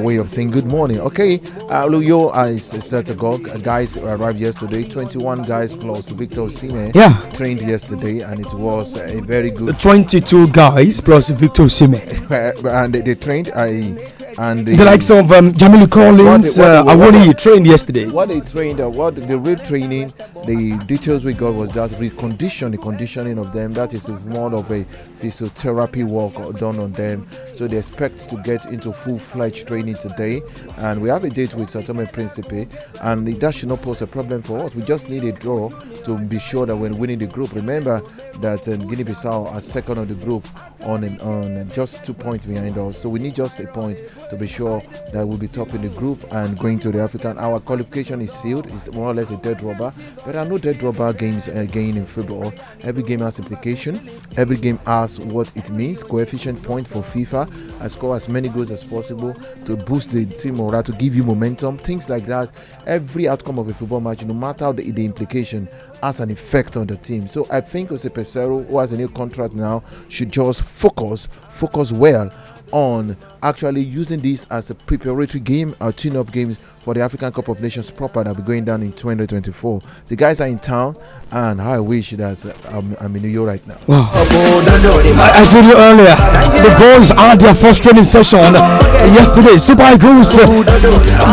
way of saying good morning. Okay, uh, Luyo uh, is set to go. Guys arrived yesterday. 21 guys plus Victor Sime yeah. trained yesterday, and it was a very good. 22 guys plus Victor Sime. and they, they trained. I and the, the likes of um, Jamil Collins, I what, uh, trained yesterday. What they trained, uh, what the real training, the details we got was just recondition, the conditioning of them. That is more of a physiotherapy work done on them. So they expect to get into full-fledged training today, and we have a date with Satome Principe, and that should not pose a problem for us. We just need a draw to be sure that we're winning the group. Remember that um, Guinea-Bissau are second of the group on and on, just two points behind us. So we need just a point to be sure that we'll be topping the group and going to the African. Our qualification is sealed. It's more or less a dead rubber. There are no dead rubber games again uh, in football. Every game has implication. Every game has what it means. Coefficient point for FIFA. I score as many goals as possible to boost the team morale, to give you momentum. Things like that. Every outcome of a football match, no matter the, the implication, has an effect on the team. So I think Jose Pesero, who has a new contract now, should just focus, focus well on actually using this as a preparatory game, a tune-up game for the African Cup of Nations proper that'll be going down in 2024. The guys are in town, and I wish that uh, I'm, I'm in New York right now. Wow. I, I told you earlier, the boys are their first training session yesterday. Super Eagles, uh,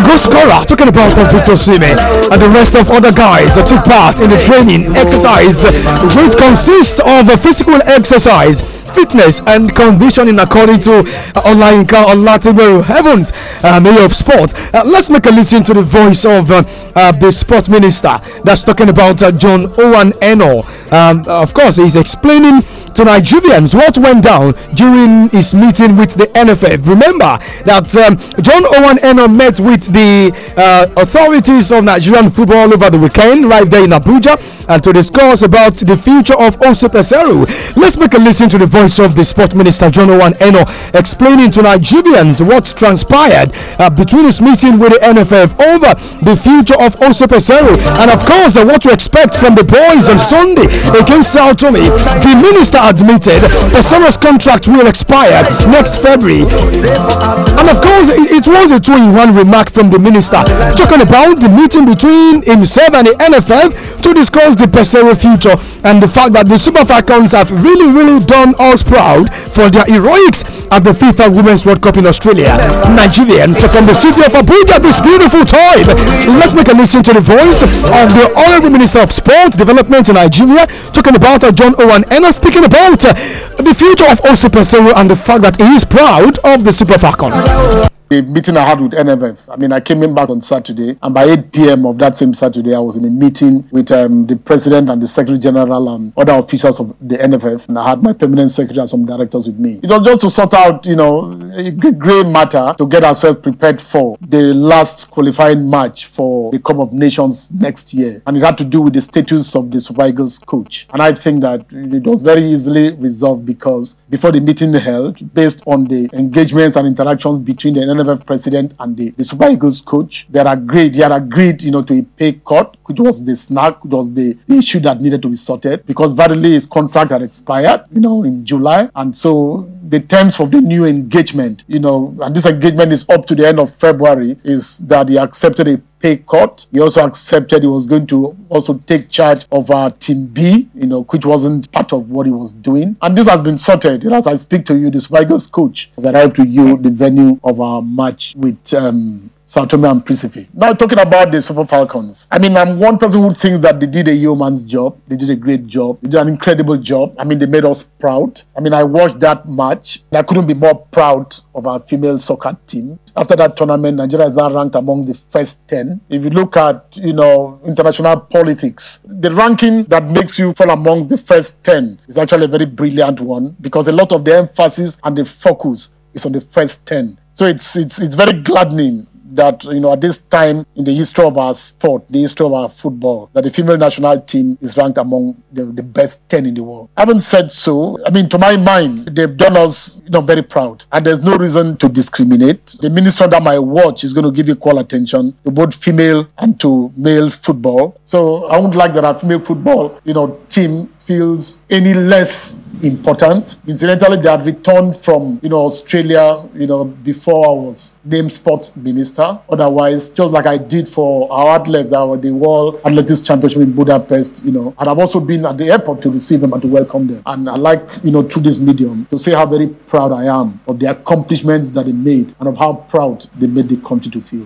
goal scorer, talking about Victor Sime, and the rest of other guys that took part in the training exercise, which consists of a physical exercise fitness and conditioning according to uh, online Olatimo Heavens uh, Mayor of Sport. Uh, let's make a listen to the voice of uh, uh, the sport minister that's talking about uh, John Owen Eno. Um, of course, he's explaining to Nigerians what went down during his meeting with the NFF. Remember that um, John Owen Eno met with the uh, authorities of Nigerian football over the weekend, right there in Abuja, and to discuss about the future of Osu Peseru. Let's make a listen to the voice of the Sport Minister John Owen Eno explaining to Nigerians what transpired uh, between his meeting with the NFF over the future of Osu Peseru, and of course uh, what to expect from the boys on Sunday against Sao Tome. The minister admitted. Pesara's contract will expire next February. And of course, it, it was a two in one remark from the minister talking about the meeting between himself and the NFF to discuss the Pesaro future and the fact that the Super Falcons have really, really done us proud for their heroics at the FIFA Women's World Cup in Australia. Nigerians from the city of Abuja this beautiful time. Let's make a listen to the voice of the Honorable Minister of Sport Development in Nigeria talking about John Owen Enna speaking about about uh, the future of Osipasero and the fact that he is proud of the Super Falcons the meeting I had with NFF. I mean, I came in back on Saturday, and by 8 p.m. of that same Saturday, I was in a meeting with um, the president and the secretary general and other officials of the NFF, and I had my permanent secretary and some directors with me. It was just to sort out, you know, a grey matter to get ourselves prepared for the last qualifying match for the Cup of Nations next year, and it had to do with the status of the Super Eagles coach. And I think that it was very easily resolved because before the meeting held, based on the engagements and interactions between the NFF president and the, the Super Eagles coach, they are agreed, they are agreed, you know, to a pay cut, which was the snack, which was the, the issue that needed to be sorted because Varley's contract had expired, you know, in July. And so the terms of the new engagement, you know, and this engagement is up to the end of February, is that he accepted a pay cut. He also accepted he was going to also take charge of our uh, team B, you know, which wasn't part of what he was doing. And this has been sorted. know, as I speak to you, the Spikers coach has arrived to you the venue of our match with um, Sao Tome and Principe. Now talking about the Super Falcons. I mean, I'm one person who thinks that they did a yeoman's job. They did a great job. They did an incredible job. I mean, they made us proud. I mean, I watched that match and I couldn't be more proud of our female soccer team. After that tournament, Nigeria is now ranked among the first 10. If you look at, you know, international politics, the ranking that makes you fall amongst the first 10 is actually a very brilliant one because a lot of the emphasis and the focus is on the first 10. So it's, it's, it's very gladdening that you know at this time in the history of our sport, the history of our football, that the female national team is ranked among the, the best ten in the world. I haven't said so. I mean, to my mind, they've done us you know very proud, and there's no reason to discriminate. The minister under my watch is going to give equal attention to both female and to male football. So I wouldn't like that our female football, you know, team feels any less important. Incidentally, they had returned from you know Australia, you know, before I was named sports minister. Otherwise, just like I did for our athletes, our the World Athletics Championship in Budapest, you know, and I've also been at the airport to receive them and to welcome them. And I like, you know, through this medium to say how very proud I am of the accomplishments that they made and of how proud they made the country to feel.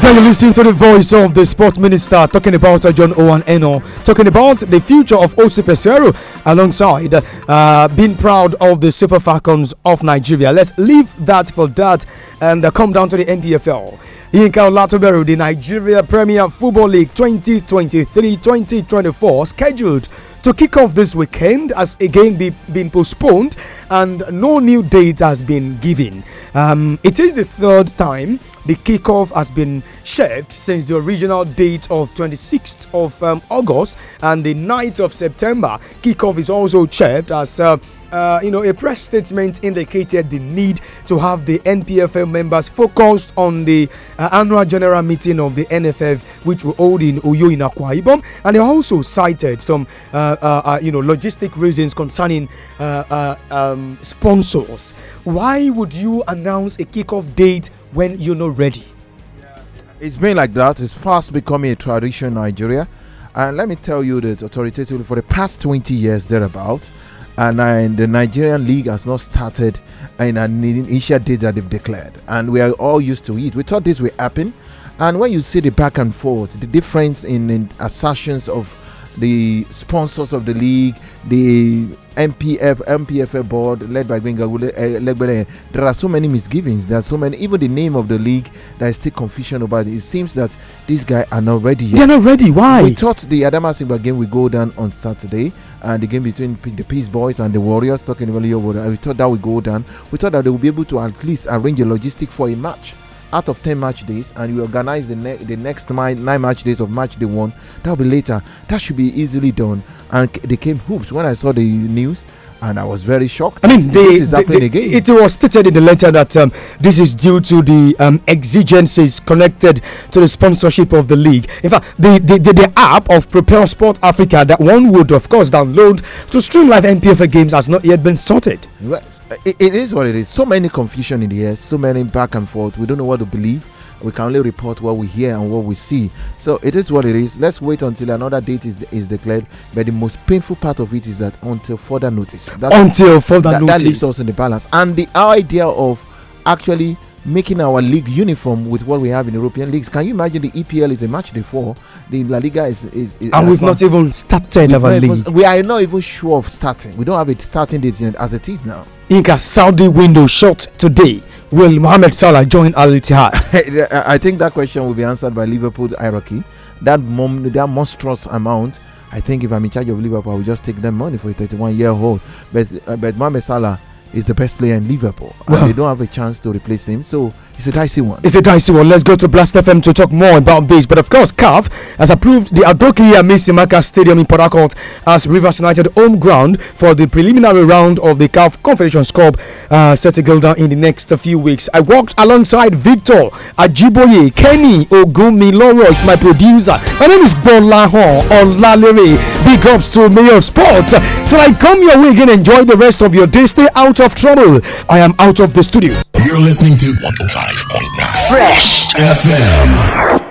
Then you listen to the voice of the sport minister talking about uh, John Owen Eno, talking about the future of OC Pesero alongside uh, being proud of the Super Falcons of Nigeria. Let's leave that for that and uh, come down to the NDFL. Yinka Olatoberu, the Nigeria Premier Football League 2023-2024 scheduled to kick off this weekend has again be, been postponed and no new date has been given. Um, it is the third time the kickoff has been shelved since the original date of 26th of um, August and the 9th of September. Kickoff is also shelved as uh, uh, you know, a press statement indicated the need to have the NPFL members focused on the uh, annual general meeting of the NFF, which will hold in Uyo in Akwa Ibom, and they also cited some, uh, uh, uh, you know, logistic reasons concerning uh, um, sponsors. Why would you announce a kickoff date when you're not ready. It's been like that. It's fast becoming a tradition in Nigeria. And let me tell you that authoritatively, for the past 20 years, thereabout, uh, and, the Nigerian league has not started in an initial date that they've declared. And we are all used to it. We thought this would happen. And when you see the back and forth, the difference in, in assertions of the sponsors of the league, the MPF MPFA board led by Gwenga eh, There are so many misgivings. There are so many. Even the name of the league, there is still confusion about it. It seems that these guys are not ready yet. They're not ready. Why? We thought the Adama Simba game we go down on Saturday, and the game between the Peace Boys and the Warriors, talking about Yobo, we thought that would go down. We thought that they would be able to at least arrange a logistic for a match out of 10 match days and you organize the, ne- the next nine, nine match days of match day one that'll be later that should be easily done and they came hoops when i saw the news and I was very shocked. I mean, this is the, happening again. It was stated in the letter that um, this is due to the um, exigencies connected to the sponsorship of the league. In fact, the, the, the, app of Propel Sport Africa that one would, of course, download to stream live NPFA games has not yet been sorted. Well, it, it is what it is. So many confusion in the air, so many back and forth. We don't know what to believe we can only report what we hear and what we see. So it is what it is. Let's wait until another date is is declared. But the most painful part of it is that until further notice. That, until further that, notice. That leaves us in the balance. And the idea of actually making our league uniform with what we have in European leagues. Can you imagine the EPL is a match day four? The La Liga is. is, is and we've not even started we've our league. we are not even sure of starting. We don't have a starting date as it is now. Inca Saudi window shut today. Will Mohamed Salah join Al Ittihad? Uh, I think that question will be answered by Liverpool's hierarchy. That mom, that monstrous amount. I think if I'm in charge of Liverpool, I will just take that money for a 31 year old. But uh, but Mohamed Salah is the best player in Liverpool. Well, and they don't have a chance to replace him. So it's a dicey one. It's a dicey one. Let's go to Blast FM to talk more about this. But of course, CAF has approved the Adokiya Misimaka Stadium in Port Harcourt as Rivers United home ground for the preliminary round of the CAF Confederation Cup uh, set to go down in the next few weeks. I walked alongside Victor Ajiboye, Kenny Ogumiloro is my producer. My name is Bola Hon Olalere. Big ups to Mayor of Sports. Till I come your way again, enjoy the rest of your day. Stay out of trouble. I am out of the studio. You're listening to 105.9 Fresh FM.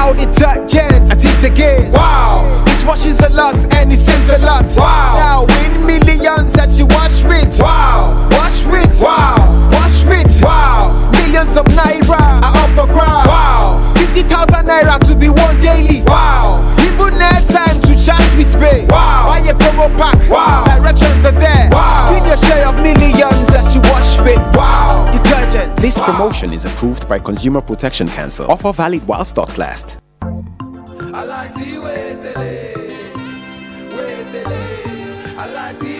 our detergents. I it again. Wow. It washes a lot and it saves a lot. Wow. Now win millions that you wash with. Wow. Wash with. Wow. Wash with. Wow. Millions of naira are up for grabs. Wow. 50,000 naira to be one daily. Wow. Even net time to chat with pay. Wow. Buy a promo pack. Wow. Directions are there. Wow. Win your share of millions as you wash with. Wow. Detergent. This wow. promotion is approved by Consumer Protection Council. Offer valid while stocks last. I like to wait, delay. wait delay. I like to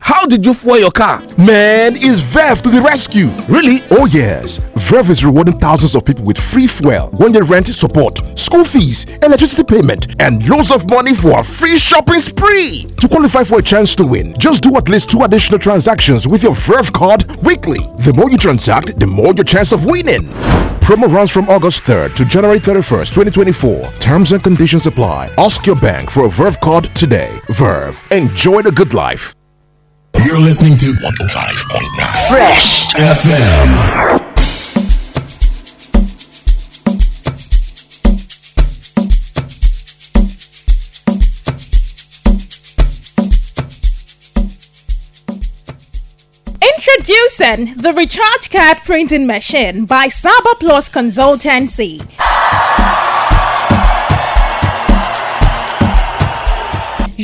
how did you fuel your car? Man, it's Verve to the rescue. Really? Oh, yes. Verve is rewarding thousands of people with free fuel, one year rent support, school fees, electricity payment, and loads of money for a free shopping spree. To qualify for a chance to win, just do at least two additional transactions with your Verve card weekly. The more you transact, the more your chance of winning. Promo runs from August 3rd to January 31st, 2024. Terms and conditions apply. Ask your bank for a Verve card today. Verve, enjoy the good life. You're listening to 105.9 Fresh FM. Introducing the Recharge Card Printing Machine by Saba Plus Consultancy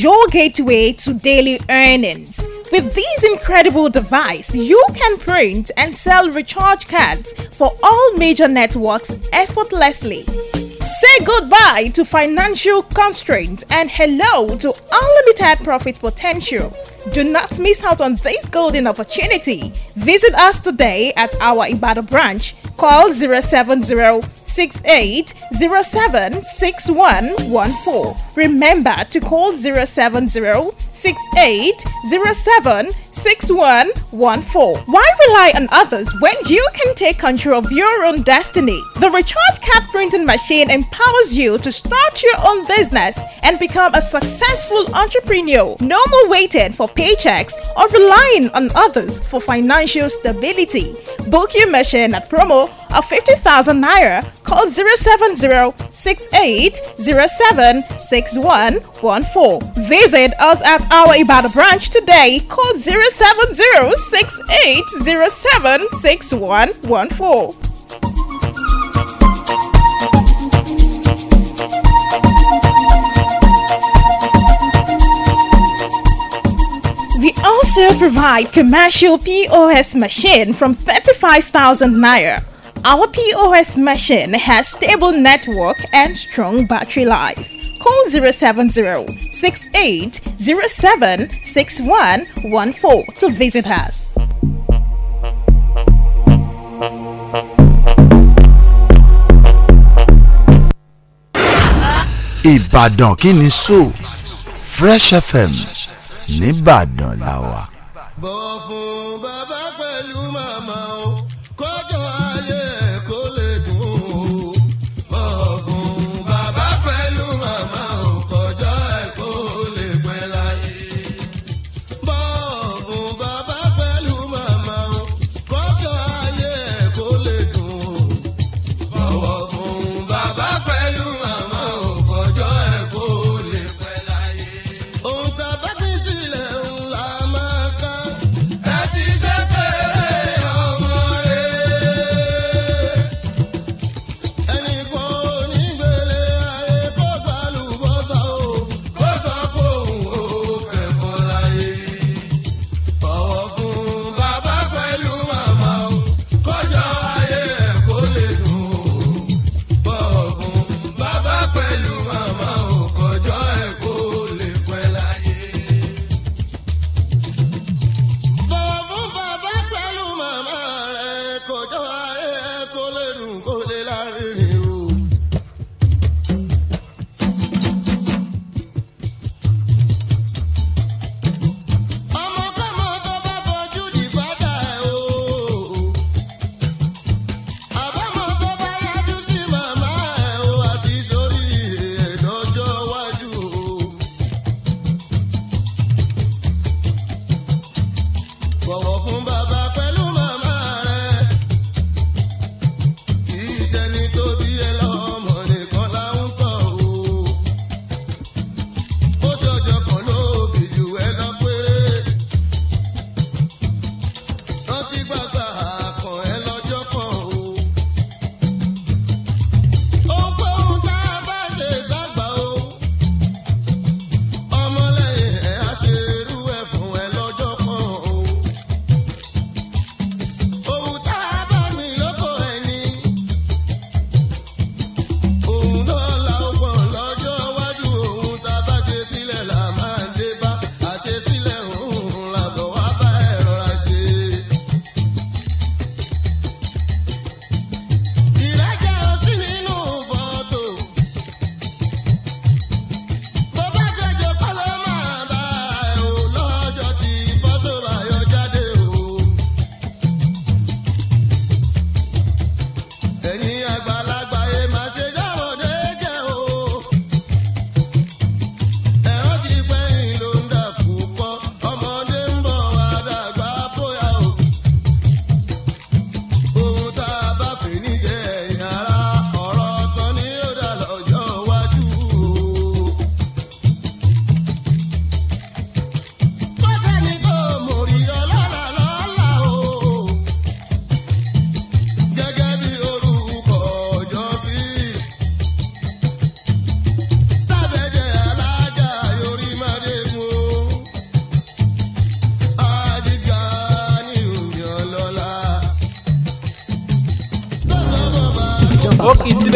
your gateway to daily earnings. With this incredible device, you can print and sell recharge cards for all major networks effortlessly. Say goodbye to financial constraints and hello to unlimited profit potential. Do not miss out on this golden opportunity. Visit us today at our Ibado branch. Call 070 068 07 Remember to call 070 68076114. Why rely on others when you can take control of your own destiny? The Recharge Card Printing Machine empowers you to start your own business and become a successful entrepreneur. No more waiting for paychecks or relying on others for financial stability. Book your machine at promo of 50,000 naira. Call 070 Visit us at our Ibadan branch today. Call 070 We also provide commercial POS machine from 35,000 naira. Our POS machine has stable network and strong battery life. Call 070 to visit us. Ìbàdàn kí ni sọ Fresh FM nìbàdàn làwà. bọ́ fún bàbá.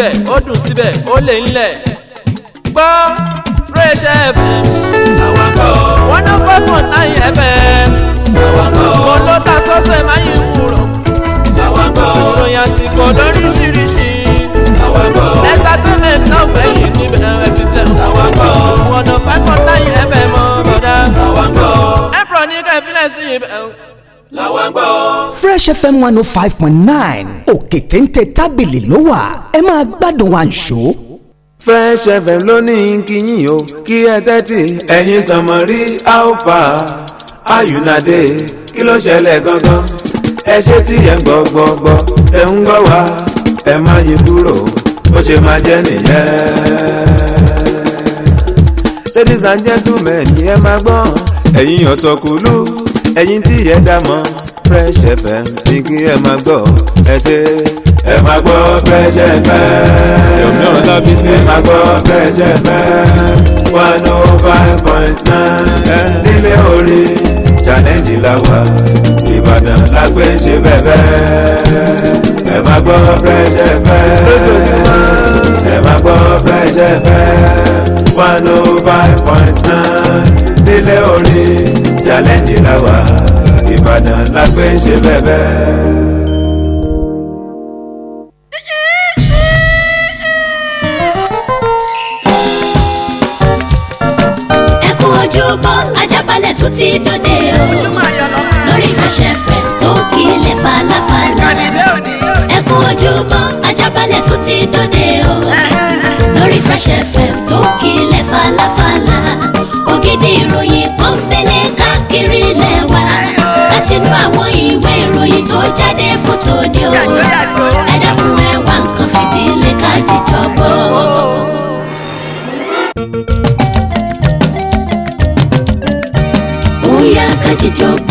síbẹ̀ ó dùn síbẹ̀ ó lè ńlẹ̀. gbọ́ fresh fm. àwọn one oh five point nine fm. àwọn mo ló ta sọ́sẹ̀ máa yín wúrọ̀. àwọn kọ́. àsìkò lóríṣiríṣi. àwọn entertainment náà gbẹ̀yìn níbẹ̀ ẹ fi sílẹ̀. one oh five point nine fm ọ̀dà. àwọn kọ́. ẹ̀pọ̀ ní sí ibẹ̀ làwọn gbọ́. Fresh FM one oh five point nine òkè téńté tábìlì ló wà ẹ máa gbádùn àǹṣó. Fresh FM ló ní kíyìn o kí ẹ tẹ́tì. ẹ̀yin sọmọ rí alpha ayùnádé kí ló ṣẹlẹ̀ gangan ẹ ṣe tí ẹ ń gbọ́ gbọ́ gbọ́ ẹ ń gbọ́ wá ẹ má yí kúrò bó ṣe máa jẹ́ nìyẹn. ladies and gentlemen ẹ máa gbọ́n ẹ̀yin ọ̀tọ̀kùlú ẹ̀yin tí ẹ dá mọ̀ Fresh FM ní kí ẹ máa gbọ́ ẹ ṣe. ẹ máa gbọ́ Fresh FM yomi ọlọ́bí sí. ẹ máa gbọ́ Fresh FM one oh five point nine nílé orí challenge la wà Ìbàdàn la gbé ṣe bẹ́ẹ̀ ẹ máa gbọ́ Fresh FM ẹ máa gbọ́ Fresh FM one oh five point nine nílé orí challenge làwà ìbàdàn lágbé ṣe bẹ́ẹ̀ ẹ kú ojúbọ ajábalẹ̀ tó ti dòde o lórí fẹsẹ̀fẹ̀ tó kílẹ̀ falafala ẹ kú ojúbọ ajábalẹ̀ tó ti dòde o lórí fẹsẹ̀fẹ̀ tó kílẹ̀ falafala ògidì ìròyìn kan fẹ́lẹ́ ká káàkiri lẹ́wà láti inú àwọn ìwé ìròyìn tó jáde fótó ni o ẹ dákun ẹ wá nǹkan fìdílé ká jíjọ gbọ́. Ó yá ká jíjọ gbọ́.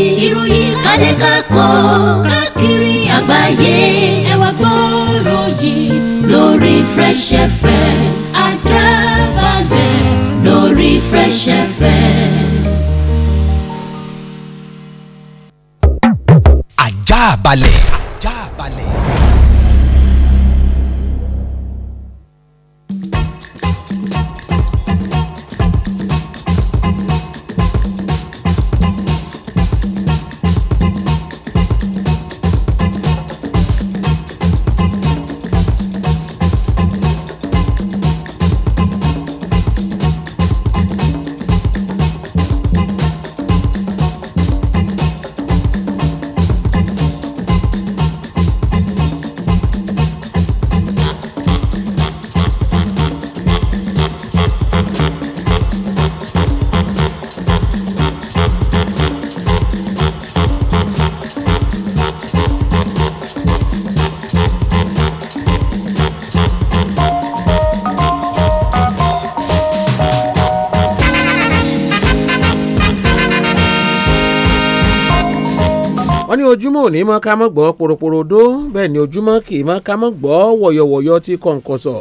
káàkiri àgbáyé ẹ wá gbọ́rọ̀ yìí lórí Fresh FM Ajaabale lórí Fresh FM. Ajaabale. ò ní mọ́ ká mọ́ gbọ́ poroporodo bẹ́ẹ̀ ni ojúmọ́ kì í mọ́ ká mọ́ gbọ́ wọ̀yọ̀wọ̀yọ̀ ti kọ̀ǹkọ̀sọ̀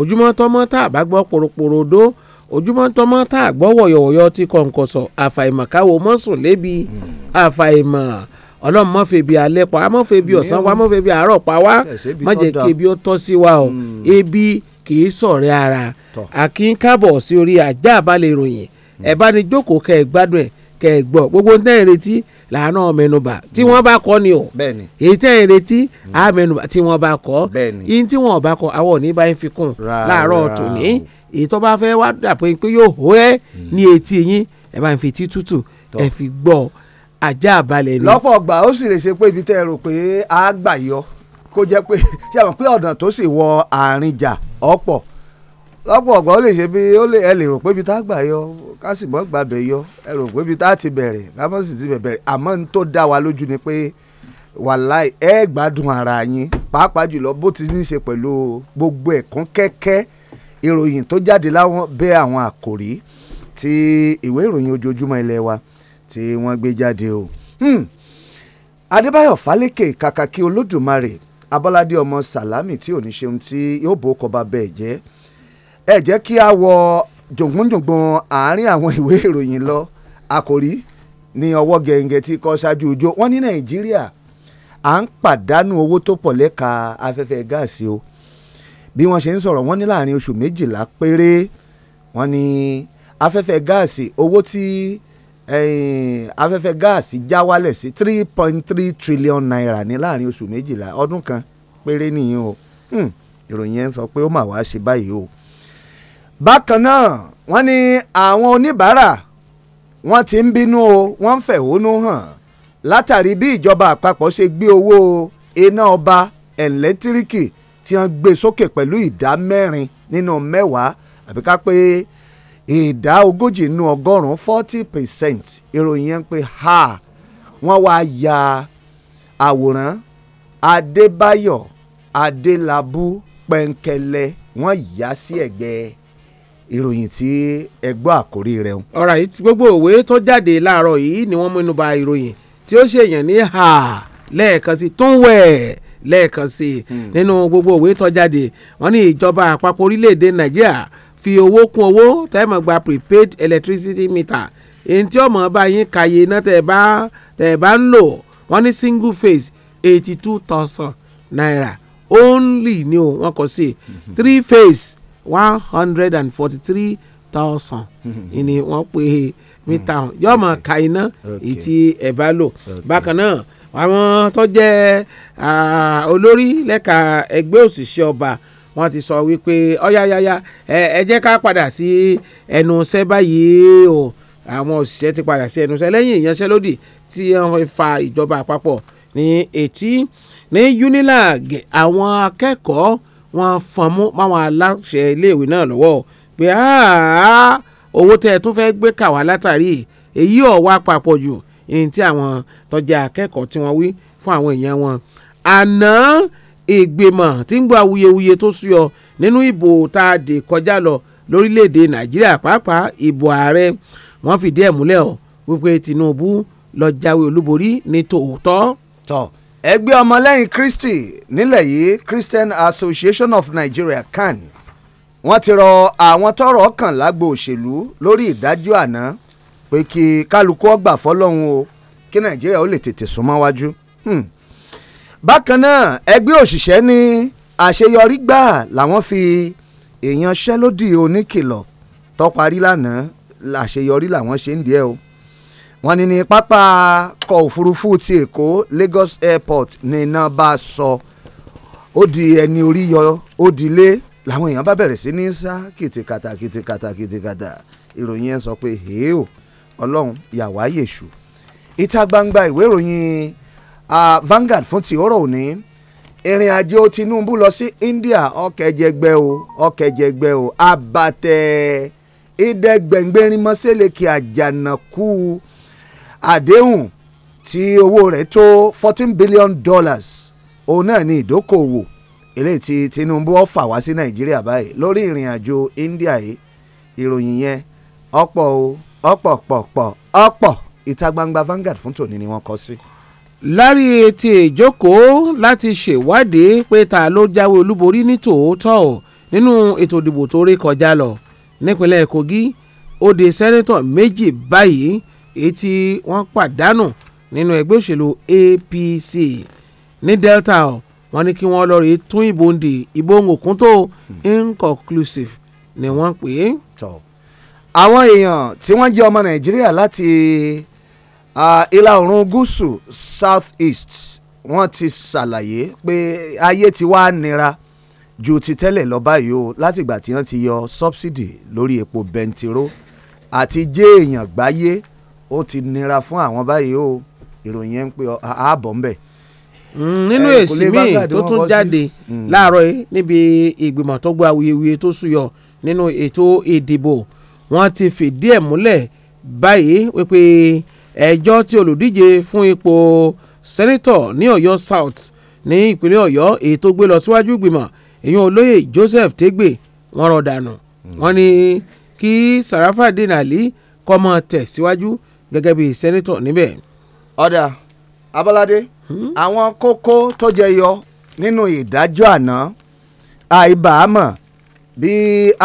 ojúmọ́ tọ́mọ́ tá a bá gbọ́ poroporodo ojúmọ́ tọ́mọ́ tá a gbọ́ wọ̀yọ̀wọ̀yọ̀ ti kọ̀ǹkọ̀sọ̀ àfàìmọ̀ káwo mọ́sùn lébi hmm. àfàìmọ̀ ọlọ́run mọ́ fẹ́ bi alẹ́ pa mọ́ fẹ́ bi ọ̀sán wa mọ́ fẹ́ bi àárọ̀ pa wá mọ́ jẹ́ kí ebi ó tọ́ sí wa o hmm. ebi kì í sọ̀rẹ́ ara àkín kábọ̀ sí orí àjà àbálẹ̀ ìròyìn ẹ̀ bá ní jókòó kẹ́ ẹ gbádùn ẹ̀ kẹ́ ẹ gbọ́ gbogbo ń tẹ́ retí làánà mẹ́nubà tí wọ́n bá kọ́ ni o èyí tẹ́ ẹ̀ retí a mẹ́nubà tí wọ́n bá kọ́ yín tí wọ́n bá kọ́ àwọn òní bá ń fi kún láàárọ̀ tòní èyí tó bá fẹ́ wá dàpọ̀ pé yóò hó ẹ́ ní hmm. etí yín ẹ bá ń fi etí tútù ẹ fi gbọ́ ajá balẹ̀ ni. lọ́pọ̀ ọgbà ó sì lè ṣe pé ibi tẹ́ ẹ rò pé a gbà yọ kó jẹ́ pé ṣé àwọn pé ọ̀nà tó sì wọ àárín jà ọ̀pọ̀ lọ́pọ̀ ọ̀gbọ́n ó lè ṣe bí ó lè ẹ lè rò pé ibi tá a gbà yọ ká sì mọ́ gbàbẹ̀ yọ ẹ rò pé ibi tá a ti bẹ̀rẹ̀ ká mọ́ sì ti bẹ̀rẹ̀ àmọ́ ní tó dá wa lójú ni pé wàláì ẹ gbádùn ara yín pàápàá jùlọ bó ti ní í ṣe pẹ̀lú gbogbo ẹ̀kún kẹ́kẹ́ ìròyìn tó jáde láwọn bẹ́ àwọn àkòrí ti ìwé ìròyìn ojoojúmọ́ ilé wa tí wọ́n gbé jáde o. Hmm. Adébáyọ̀ Fálékè kàkàkí Olódùmarè Abọ́ládé ọmọ Sàlámì tí ò ní ṣeun tí yóò bó kọba bẹ́ẹ̀ jẹ́ ẹ jẹ́ kí a wọ jòǹgbòǹjòǹgbòǹ àárín àwọn ìwé ìròyìn lọ àkòrí ní ọwọ́ gẹ̀ǹgẹ̀ tí kọ́ ṣáájú ọjọ́ wọn ní nàìjíríà à ń pàdánù owó tó pọ̀ lẹ́ka afẹ́fẹ́ gáàsì o bí wọ́n ṣe ń sọ̀rọ̀ wọ́n ní láàrin oṣù méjìlá péré wọ́n ní afẹ́fẹ́ gáàsì owó tí eh, afẹ́fẹ́ gáàsì já wálẹ̀ sí three point three trillion naira ní láàrin oṣù méjìlá ọdún kan péré nìyí o hmm, ìròyìn yẹn sọ pé ó mà wá ṣe báyìí o bákan náà wọ́n ní àwọn oníbàárà wọ́n ti ń bínú o wọ́n ń fẹ̀hónú hàn látàrí bí ìjọba àpapọ̀ ṣe gbé owó iná ọba ẹ̀lẹ́tíríkì tí wọ́n gbé sókè pẹ̀lú ìdá mẹ́rin nínú mẹ́wàá àbí ká pé ìdá ogójì nínú ọgọ́rùn-ún forty percent ìròyìn yẹn pé ha wọ́n wá ya àwòrán Adébáyọ̀ Adélabú pẹ̀ǹkẹ̀lẹ̀ wọ́n yà sí ẹ̀gbẹ́ ìròyìn tí ẹ gbọ́ àkórí rẹ̀ o. ọ̀rọ̀ yìí gbogbo òwe tó jáde láàárọ̀ yìí ni wọ́n mẹ́nu ba ìròyìn tí ó ṣèyàn ní hà lẹ́ẹ̀kan sí tó ń wẹ̀ lẹ́ẹ̀kan sí hmm. nínú gbogbo òwe tó jáde wọ́n ní ìjọba àpapọ̀ orílẹ̀-èdè nàìjíríà fi owó kún owó tẹ́ẹ̀mọ̀ gba prepaid electricity meter èyí tí ọmọ bá yín kàyé iná tẹ̀ bá tẹ̀ bá ń lò wọ́n ní single phase eighty two thousand naira only ni o wọ́n kọ sí hmm. three phase one hundred and forty three thousand ni wọ́n pe mítà hàn yóò máa ka iná ìtì ẹ̀ bá lò bákan náà àwọn tó jẹ́ olórí lẹ́ka ẹgbẹ́ òṣìṣẹ́ ọba wọ́n ti sọ wípé ọ̀yáyáyá ẹ jẹ́ ká padà sí ẹnu iṣẹ́ báyìí o àwọn òṣìṣẹ́ ti padà sí ẹnu iṣẹ́ lẹ́yìn ìyanṣẹ́lódì tí wọ́n fa ìjọba àpapọ̀ ní etí ní unilag àwọn akẹ́kọ̀ọ́ wọ́n fọn mú máwọn aláṣẹ iléèwé náà lọ́wọ́ pé owó tẹ́ ẹ tún fẹ́ gbé kà látàrí èyí ọ̀wá papọ̀ jù ní ti àwọn tọ́jà akẹ́kọ̀ọ́ tí wọ́n wí fún àwọn èèyàn wọn. àná ìgbìmọ̀ tí ń gbọ́ awuyewuye tó súyọ nínú ìbò tá a dè kọjá lọ lórílẹ̀‐èdè nàìjíríà pàápàá ìbò ààrẹ wọ́n fìdí ẹ̀ múlẹ̀ ọ̀ wípé tinubu ló jáwé olúborí ní tòótọ́. tọ́ ẹgbẹ́ ọmọlẹ́yìn Kristi nílẹ̀ yìí Christian Association of Nigeria CAN wọ́n ti rọ àwọn tọ́rọ̀ kàn lágbo òṣèlú lórí ìdájọ́ àná pé kí kálukú ọgbà fọlọ́hún o kí Nàìjíríà ó lè tètè súnmọ́ wájú. Hmm. bákan náà ẹgbẹ́ òṣìṣẹ́ ní àṣeyọrí gbà làwọn fi ìyanṣẹ́lódì oníkìlọ̀ tó lánàá àṣeyọrí làwọn ṣe ń díẹ̀ o wọ́n ní ní pápá ọkọ̀ òfurufú ti èkó Lagos Airport ní iná bá sọ ó di ẹni orí yọ ó di lé làwọn èèyàn bá bẹ̀rẹ̀ sí ní sá kìtìkàtà kìtìkàtà kìtìkàtà ìròyìn yẹn sọ pé hèéhò ọlọ́run yàwá yèṣù ìta gbangba ìwé ìròyìn Vanguard fún ti òní ìrìn àjò Tinubu lọ sí India ọkẹjẹgbẹ o ọkẹjẹgbẹ o abatẹ ìdẹgbẹngbẹrin mọ́sẹ̀lẹ̀kì àjànàkú àdéhùn tí owó rẹ̀ tó fourteen billion dollars òun náà ni ìdókòwò eléyìí tí Tinubu ọ̀fà wá sí Nàìjíríà báyìí lórí ìrìn àjò India yìí ìròyìn yẹn ọ̀pọ̀ o ọ̀pọ̀ pọ̀pọ̀ ọ̀pọ̀ ìta gbangba Vanguard fún tòní ni wọ́n kọ sí. lárí etí ìjókòó láti ṣèwádìí pé ta ló jáwé olúborí ní tòótọ́ o nínú ètò ìdìbò tó rí kọjá lọ nípínlẹ̀ Kogi ó de sẹ́nẹ́tọ̀ méjì báyìí èyí tí wọ́n pàdánù nínú ẹgbẹ́ òṣèlú APC ní Delta ọ̀ wọ́n ní kí wọ́n lọ rí tún ìbò ń di ìbò òkun tó inconclusive ni wọ́n pè é. àwọn èèyàn tí wọ́n jẹ́ ọmọ Nàìjíríà láti ìlà oòrùn gúúsù south east wọ́n ti ṣàlàyé pé ayé ti wá nira ju ti tẹ́lẹ̀ lọ báyìí o látìgbà tí wọ́n ti yọ subsidy lórí epo bẹntiró àti jẹ́ èèyàn gbáyé ó ti nira fún àwọn báyìí o ìròyìn yẹn ń pè ààbọ̀ ń bẹ̀. Mm, nínú èsì míì tó tún jáde mm. láàárọ̀ yìí níbi ìgbìmọ̀ tó gba awuyewuye tó súyọ nínú ètò ìdìbò wọ́n ti fìdí ẹ̀ múlẹ̀ báyìí wípé ẹjọ́ tí olùdíje fún ipò sẹ́nítọ̀ ní ọ̀yọ́ south ní ìpínlẹ̀ ọ̀yọ́ èyí tó gbé lọ síwájú ìgbìmọ̀ èyàn olóyè joseph tégbè wọ́n rọ̀ dànù mm. wọ́n ní kí sarafadin ali kó máa tẹ̀ síwájú si gẹ́gẹ́ bíi sẹ́nitọ̀ níbẹ̀. ọ̀dà Abọ́ládé hmm? àwọn kókó tó jẹyọ nínú ìdájọ́ àná àìbàámọ̀ bí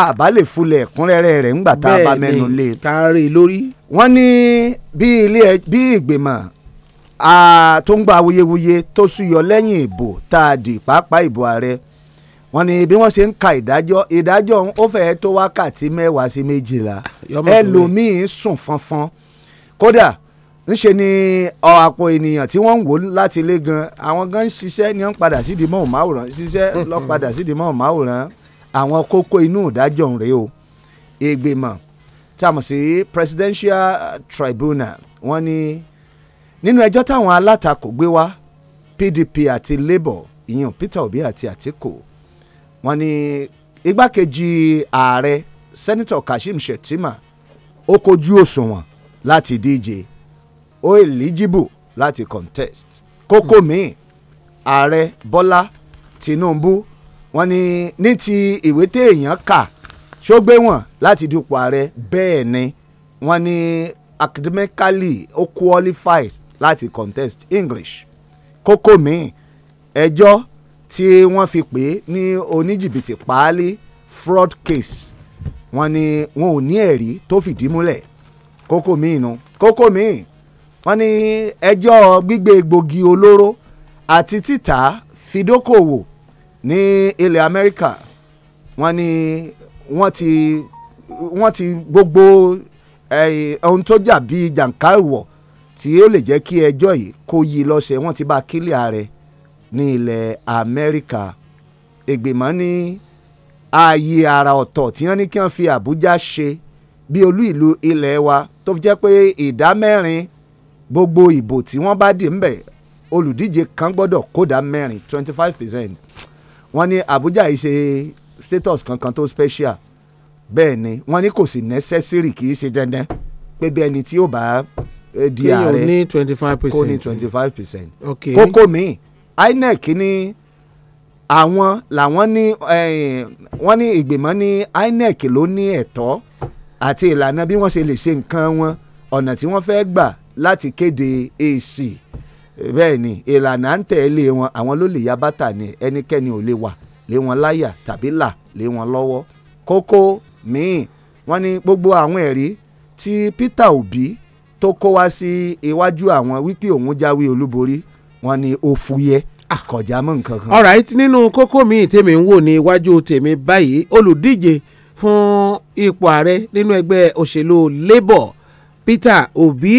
àbá lè fulẹ̀ ẹ̀kúnrẹ́rẹ́ rẹ̀ ńgbà tá a bá mẹ́nu lé. tá a rí i lórí. wọ́n ní bí ilé bí ìgbìmọ̀ tó ń gba awuyewuye tó súyọ lẹ́yìn ìbò tá a dì pàápàá ìbò ààrẹ wọ́n ní bí wọ́n ṣe ń ka ìdájọ́ ìdájọ́ ó fẹ́ẹ́ tó wákàtí mẹ́wàá sí méjìlá ẹlòmíín sùn fọ́nfọ́n kódà ńṣe ni àpò ènìyàn tí wọ́n ń wò láti ilé gan àwọn gan ń ṣiṣẹ́ ni wọ́n ń padà sídìí mọ́ọ̀máwòrán ṣiṣẹ́ lọ́ padà sídìí mọ́ọ̀máwòrán àwọn kókó inú ìdájọ́ ọ̀hún rèé o ìgbìmọ̀ tí a mọ̀ sí presidential tribunal wọ́n ní nínú ẹjọ́ táwọn alátakò gbé wá PDP àti Labour ìyẹn Peter Obi àti Àtíkù wọ́n ní igbákejì ààrẹ senator Kashim Shettima ó kojú òṣùwọ̀n láti díje ó eligible láti contest kókó hmm. míì ààrẹ Bọ́lá Tinubu wọ́n ní ní ti ìwé téèyàn kà ṣógbé wọn láti dupò ààrẹ bẹ́ẹ̀ ni wọ́n ní academically ó qualified láti contest English kókó míì ẹjọ́ tí wọ́n fi pè é ní oníjìbìtì páálí fraud case wọ́n ní wọn ò ní ẹ̀rí tó fìdí múlẹ̀ kókó míì nu kókó míì wọ́n ní ẹjọ́ gbígbé egbògi olóró àti títà fìdókòwò ní ilẹ̀ Amẹ́ríkà wọ́n ní wọ́n ti wọ́n ti gbogbo ohun tó jà bíi jàǹká ìwọ̀ tí ó lè jẹ́ kí ẹjọ́ yìí kó yí lọ́sẹ̀ wọ́n ti bá kílẹ̀ ààrẹ ní ilẹ̀ Amẹ́ríkà ìgbìmọ̀ ní ààyè àrà ọ̀tọ̀ tí wọ́n ní kí wọ́n fi Àbújá ṣe bí olú ìlú ilẹ̀ wa tó fi jẹ́ pé ìdá mẹ́rin gbogbo ìbò tí wọ́n bá dì ńbẹ̀ olùdíje kan gbọ́dọ̀ kódà mẹ́rin twenty five percent wọ́n ní Abuja yìí ṣe status kankan tó special bẹ́ẹ̀ ni wọ́n ní kò sí necessary kì í ṣe dandan pé bí ẹni tí yóò bá eh, di ààrẹ kó ní twenty five percent kó ní twenty five percent kókó míì INEC ní àwọn làwọn ní eh, wọ́n ní ìgbìmọ̀ ní INEC ló ní ẹ̀tọ́ àti ìlànà bí wọ́n ṣe lè ṣe nǹkan wọn ọ̀nà tí wọ́n fẹ́ gbà láti kéde èsì bẹ́ẹ̀ ni ìlànà ń tẹ̀lé wọn àwọn ló lè ya bàtà ni ẹnikẹ́ni ò lè wà lé wọn láyà tàbí là lé wọn lọ́wọ́ kókó míì wọ́n ní gbogbo àwọn ẹ̀rí tí Peter Obi tó kó wá sí iwájú àwọn wípé òun jáwé olúborí wọ́n ní ó fúyẹ́ kọjá mọ́ nǹkan kan. alright nínú kókó míì tèmi ń wò ní iwájú tèmi báyìí olùdíje fún ipò ààrẹ nínú ẹgbẹ́ òṣèlú labour peter obi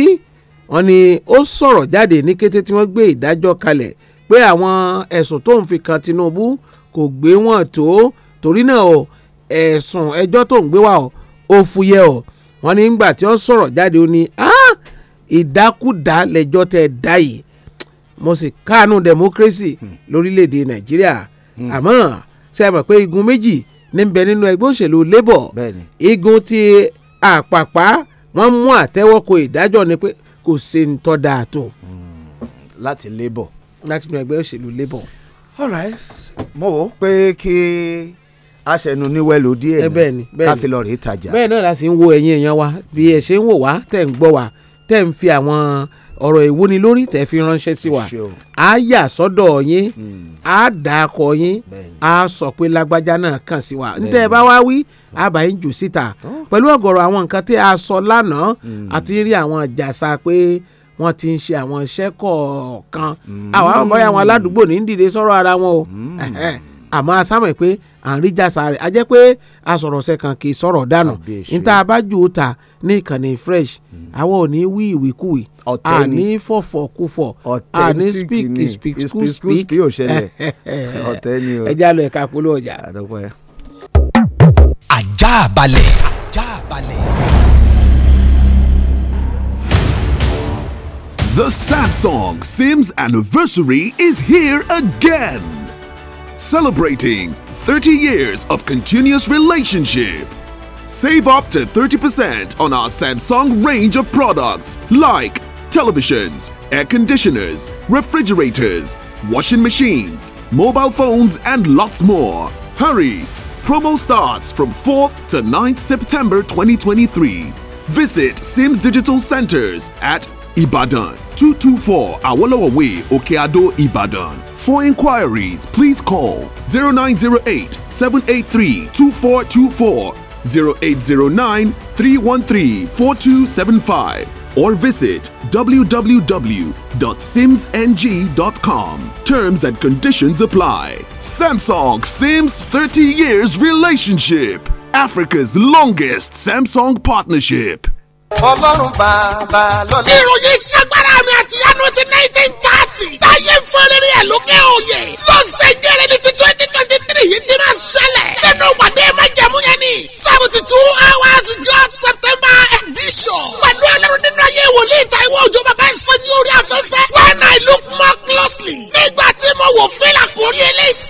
wọ́n ní ó sọ̀rọ̀ jáde ní kété tí wọ́n gbé ìdájọ́ kalẹ̀ pé àwọn ẹ̀sùn tó ń fi kan tinubu kò gbé wọn tó torí náà o ẹ̀sùn ẹjọ́ tó ń gbé wá o ó fúyẹ́ o wọ́n ní nígbà tí ó sọ̀rọ̀ jáde ó ní ìdákúdá lẹ́jọ́ tẹ́ dá yìí mo sì káàánú democracy hmm. lórílẹ̀‐èdè nàìjíríà hmm. àmọ́ ṣe é mọ̀ pé igun méjì níbẹ̀ nínú ẹgbẹ́ òṣèlú labour igun ti àpàpá wọ́n mú àtẹ́wọ́kọ ìdájọ́ ni pé kò ṣe ń tọ́ da àtò. Hmm, láti labour. láti inú ẹgbẹ́ òṣèlú labour. alright mo wò ó pé kí aṣẹnu níwẹ̀lú díẹ̀ eh, náà káfí lọ rèé tajà. bẹ́ẹ̀ náà la sì ń wo ẹ̀yin èèyàn wa bí ẹ ṣe ń wò wá tẹ̀ ń gbọ́ wá tẹ̀ ń fi àwọn. Wa, ọ̀rọ̀ ìwúnilórí tẹ̀ fi ránṣẹ́ sí wa a yà sọ́dọ̀ yín hmm. a dà á kọ yín a sọ pé lágbájá náà kàn sí wa ntẹ́ ẹ bá wá wí a bá yín jù síta pẹ̀lú ọ̀gọ̀rọ̀ àwọn nǹkan tí a sọ lánàá àti hmm. rí àwọn jàsà pé wọ́n ti ń ṣe àwọn iṣẹ́ kọ̀ọ̀kan àwọn hmm. àwọn bọ́yá àwọn aládùúgbò ní dìde sọ̀rọ̀ ara wọn o àmọ́ a sámọ̀ pé à ń rí jàsà rẹ̀ a jẹ́ pé a sọ̀rọ̀ ṣe kan kì í sọ̀rọ̀ dànù níta abájú ta ní ìkànnì fresh àwọn ò ní wí ìwíkúwìí ọ̀tẹ́ ni àní fọ̀fọ̀ kú fọ̀ àní ọ̀tẹ́ ni o. lọ ẹ̀ka polówó ọjà. ajá balẹ̀ ajá balẹ̀. The Samsung Sims anniversary is here again. Celebrating 30 years of continuous relationship. Save up to 30% on our Samsung range of products like televisions, air conditioners, refrigerators, washing machines, mobile phones and lots more. Hurry! Promo starts from 4th to 9th September 2023. Visit Sims Digital Centers at Ibadan, 224 Awolowo Way, Okeado, Ibadan. For inquiries, please call 0908 783 2424, 0809 313 4275 or visit www.simsng.com. Terms and conditions apply. Samsung Sims 30 Years Relationship Africa's longest Samsung partnership. ọlọ́run bàbá lọ́lẹ́. ìròyìn ìṣàgbára ti nineteen thirty. ẹ̀ lókè òye. lọ́sẹ̀ gẹ̀rẹ́ ní ti twenty twenty three yìí ti máa ṣẹlẹ̀. ni seventy ninu yen ni 72 Corona edition. Pẹ̀lú ọlọ́run nínú ayé wòlíì Taiwo Òjó bàbá ìfọ́jú orí afẹ́fẹ́. When I look more closely. Nígbà tí mo wò fílà kórí eléyìí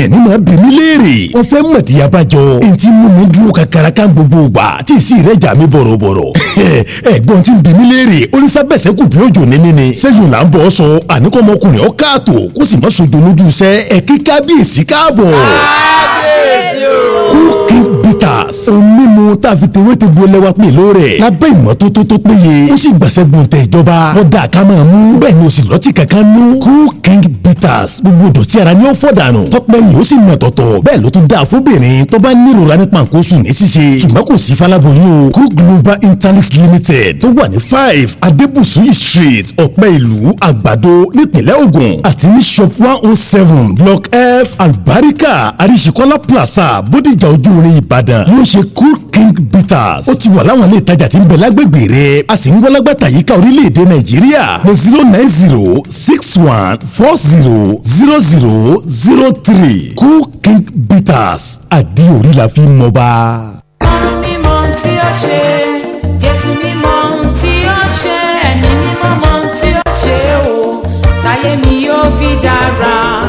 èèyàn ni máa bí mi léèrè wọ́n fẹ́ mọ̀dí abájọ èyí tí mú mi dúró kakara kan gbogbo gbà tí ì sí rẹ̀ jà mí bọ̀rọ̀bọ̀rọ̀ ẹ̀gbọ́n tí ń bí mi léèrè oníṣàbẹ̀sẹ̀ kù bí òjò ní mí ni sẹ́yìn là ń bọ̀ sọ àníkọ́mọkùnrin ọ̀ káàtó kó sì má sojo lójú iṣẹ́ ẹ̀kí kábíyèsí káàbọ̀. kábíyèsí o. kú kí n tá a fi tewé te gbo lẹ́wà pè lóore lábẹ́ ìmọ́tótó tó péye ó sì gbàsẹ́ gbọ̀n tẹ ìjọba wọ́n dà ká máa mú bẹ́ẹ̀ ni o sì lọ́tì kankan nú cool king bitters gbogbo ìdọ̀tí ara ni ó fọ̀ dànù tọ́pẹ́ yìí ó sì nà tọ̀tọ̀ bẹ́ẹ̀ ló tún dáa fóbìnrin tó bá nírora ní pàǹkóṣù ní ṣíṣe ṣùgbọ́n kò sí falaboyún o cool global interlix limited tó wà ní five adébùsúyì street ọ̀pẹ́ ìlú àgbàdo nípìnlẹ̀ Ògùn one oh seven block f cool king king bitters ó ti wà láwọn ilé ìtajà tí ń bẹ lágbègbè rẹ a sì ń wọlágbàtà yíká orílẹ̀-èdè nàìjíríà ní zero nine zero six one four zero zero zero zero three cool king bitters àdí orí la fi mọba. mímọ̀ tí ó ṣe é.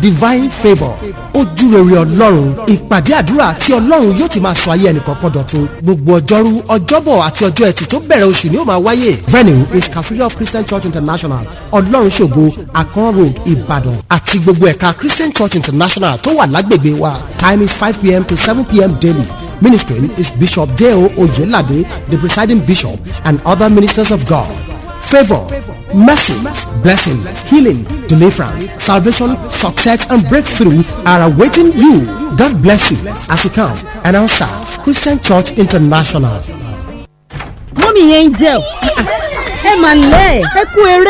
divine favour ojú rere ọlọ́run ìpàdé àdúrà tí ọlọ́run yóò ti máa sọ ayé ẹnìkọ̀ọ̀kan dọ̀tun gbogbo ọjọ́rú ọjọ́bọ̀ àti ọjọ́ ẹtì tó bẹ̀rẹ̀ oṣù ni ó máa wáyé venue is cathedral christian church international ọlọ́run ṣògo akon road ìbàdàn àti gbogbo ẹ̀ka christian church international tó wà lágbègbè wa time is five pm to seven pm daily ministering is bishop deo oyelade the presiding bishop and other ministers of god favor, mercy, blessing, healing, deliverance, salvation, success, and breakthrough are awaiting you. God bless you as you come and answer Christian Church International. Mommy, Angel, ń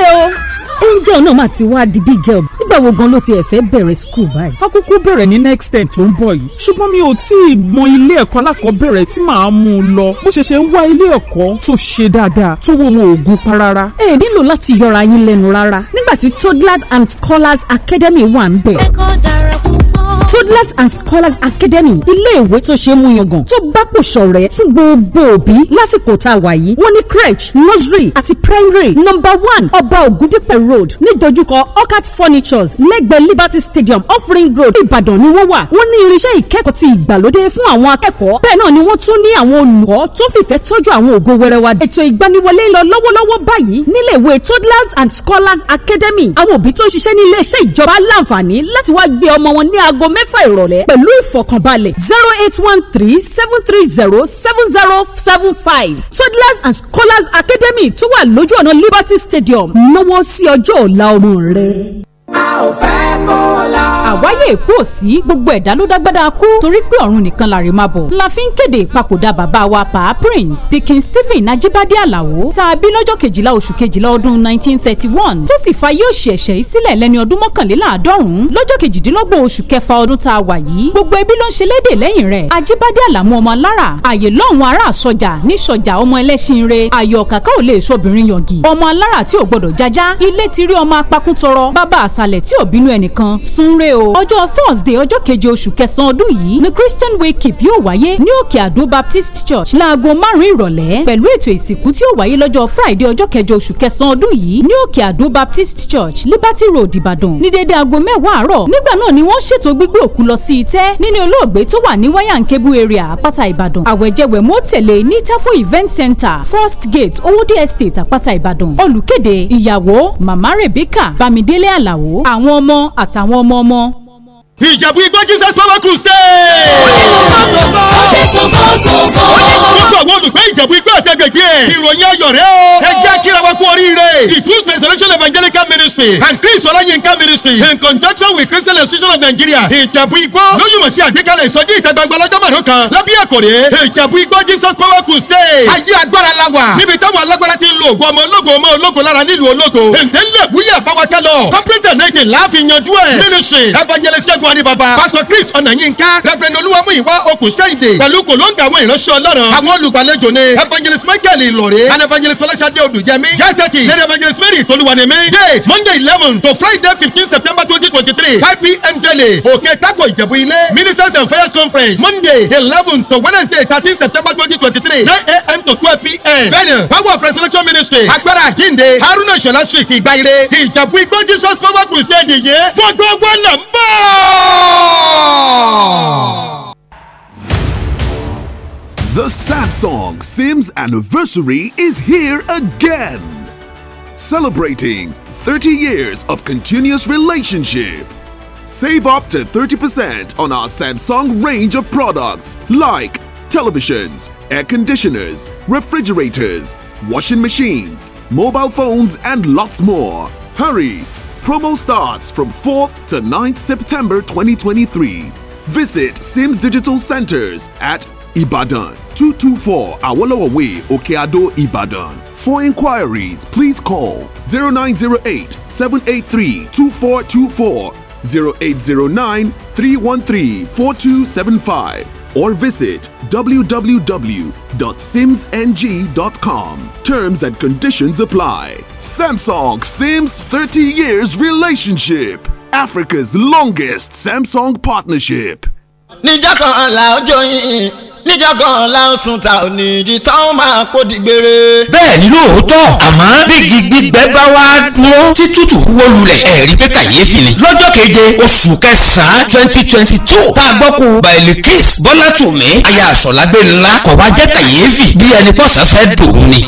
oh. angel náà mà ti wá di big girl nígbà wo gan ló ti ẹ̀ fẹ́ bẹ̀rẹ̀ school báyìí. a kúkú bẹ̀rẹ̀ ní next term tó ń bọ̀ yìí ṣùgbọ́n mi ò tí ì mọ ilé ẹ̀kọ́ alákọ̀ọ́bẹ̀rẹ̀ tí màá mú un lọ bó ṣe ṣe ń wá ilé ẹ̀kọ́ tó ṣe dáadáa tó wo wọn òògùn pa rárá. ẹ nílò láti yọra yín lẹ́nu rárá nígbà tí toddlers and scholars academy wà ń bẹ̀. ẹ̀kọ́ dá toddlers and scholars academy ilé ìwé tó ṣe é mú yangàn tó bá pò ṣọ̀rẹ́ fún gbogbo òbí lásìkò tá a wà yìí wọ́n ní crèche nursery àti primary number one ọba ògùdípẹ̀ road nídojúkọ orchard furnitures lẹ́gbẹ̀ẹ́ liberty stadium offering road ìbàdàn ni wọ́n wà wọ́n ní irinṣẹ́ ìkẹ́kọ̀ọ́ ti ìgbàlódé fún àwọn akẹ́kọ̀ọ́ bẹ́ẹ̀ náà ni wọ́n tún ní àwọn olùkọ́ tó fìfẹ́ tọ́jú àwọn ògo wẹrẹ wa. ètò ìgbaniwọlé lọ lọ́wọ́lọ́wọ́ báyìí nílé ìwé toddlers and scholars academy àwọn òbí tó ń ṣiṣẹ́ ní iléeṣẹ́ ìjọba láǹfààní láti wá gbé ọmọ mẹ́fà ìrọ̀lẹ́ pẹ̀lú ìfọ̀kànbalẹ̀ zero eight one three seven three zero seven zero seven five toddlers and scholars academy tó wà lójú ọ̀nà liberty stadium náwó sí ọjọ́ ọ̀la ọmọ rẹ. a ò fẹ́ kó àwáyé èkó ò sí gbogbo ẹ̀dá ló dágbádá kú torí pé ọ̀run nìkan làrè máa bọ̀ la fi ń kéde ìpapòdà bàbá wa pa prince sikin stephen ajibade alao tá a bí lọ́jọ́ kejìlá oṣù kejìlá ọdún nineteen thirty one tó sì fa yóò ṣe ẹ̀ṣẹ̀ yìí sílẹ̀ lẹ́ni ọdún mọ́kànléláàádọ́rùn-ún lọ́jọ́ kejìdínlọ́gbọ̀n oṣù kẹfà ọdún tá a wà yìí gbogbo ẹbí ló ń ṣe léde lẹ́yìn rẹ̀ ajibade alamu ọmọ alára àyè lọ́hùn ará sọjà ní sọjà ọmọ ẹlẹ́ṣin re ayọ̀ kàkà ò lè sọbìnrin yọ̀ǹgì ọmọ alára tí ò gbọdọ̀ jájá ilé ti rí ọmọ apakútọrọ bàbá àṣàlẹ̀ tí ò bínú ẹnìkan súnre o o ọjọ́ thursday ọjọ́ keje oṣù kẹsàn-án ọdún yìí ni christian wakekeep yóò wáyé ní òkè àdó baptist church láago márùn-ún ìrọ̀lẹ́ pẹ̀lú ètò ìsìnkú tí yóò wáyé lọ́jọ́ friday ọjọ́ kẹjọ oṣù kẹsàn-án ọdún yìí ní òkè àdó baptist church liberty road ìbàdàn ní dédé aago mẹ́wàá àárọ̀ nígbà náà ni wọ́n ṣètò gbígbé òkú lọ sí itẹ́ nínú olóògbé tó wà ní wáyàǹkébù area àpáta ìbàdàn àwẹ̀jẹwẹ̀mú tẹ̀lé ní tafo event center first gate owóde estate àpáta ìbàdàn olùkéde ìyàwó Mama rebecca bámidélé àlàó àwọn ọmọ àtàwọn ọmọ ọmọ ìjẹ̀bú igbó jesus power crusade. gbogbo àwọn olùgbé ìjẹ̀bú igbó àtẹ̀gbẹ̀gbẹ̀ ẹ̀. ìròyìn ayọ̀ rẹ̀ o. ẹ jẹ́ kíra wa kú oríire. the truth resurrection evangelical ministry and christ ọláyínká ministry in conjunction with christian institution of nigeria ìjẹ̀bú igbó lóyún sí àgbékalẹ̀ ìsọjí ìta gbangba lọ́jọ́ márùn kan lábẹ́ àkòrè ìjẹ̀bú igbó jesus power crusade. ayé agbára la wà. níbi táwọn alágbára ti ń lo ògùn ọmọ ológo ọmọ ológo lára nílùú ológo. ètè ńlẹ̀ wúyẹ̀ báwa kálọ̀. corporate united láàfin yanjú ẹ̀. ministry evangelist wọn ni bàbá pásítọ̀ Chris Ọ̀nàyínká rẹ́fẹ̀rẹ́ndì olúwamúyìnwá okùn sẹ́yìndè pẹ̀lú kòlóńgà àwọn ìránṣẹ́ ọlọ́run àwọn olùgbàlejò ni evangelist michael ìlọ̀rẹ́ and evangelist fọláṣadé odùjẹmí jẹ́sẹ̀tì lady evangelist mary tolúwanẹ̀mí date monday eleven to friday fifteen september twenty twenty three five pm daily òkè tako ìjẹ̀bú ilé ministers and fires conference monday eleven to wednesday thirteen september twenty twenty three nine am to twelve pm venue power of resurrection ministry agbára àjínde haruna ìṣọ̀lá street ìgbàire ìjẹ̀bú igbó jesus power crusade yìí gbogbo wọn là ń bọ̀. The Samsung Sims anniversary is here again. Celebrating 30 years of continuous relationship. Save up to 30% on our Samsung range of products like televisions, air conditioners, refrigerators, washing machines, mobile phones, and lots more. Hurry! Promo starts from 4th to 9th September 2023. Visit Sims Digital Centers at Ibadan, 224 Awolowo Way, Okeado, Ibadan. For inquiries, please call 0908 783 2424, 0809 313 4275 or visit www.simsng.com. Terms and conditions apply. Samsung Sims 30 Years Relationship, Africa's longest Samsung partnership. níjàngàn láǹsùn ta oníjì táwọn máa kó dìgbére. bẹ́ẹ̀ ni lóòótọ́ àmọ́ bígi gbígbẹ bá wá dúró tí tútù wó lulẹ̀ ẹ̀rí pé kàyéfì ni. lọ́jọ́ keje oṣù kẹsàn-án twenty twenty two tá a gbọ́ kó bailikis bọ́látùmí aya àsọ̀lágbé ńlá kọ̀ wá jẹ́ kàyéfì bí ẹni pọ̀sán fẹ́ dòun ni.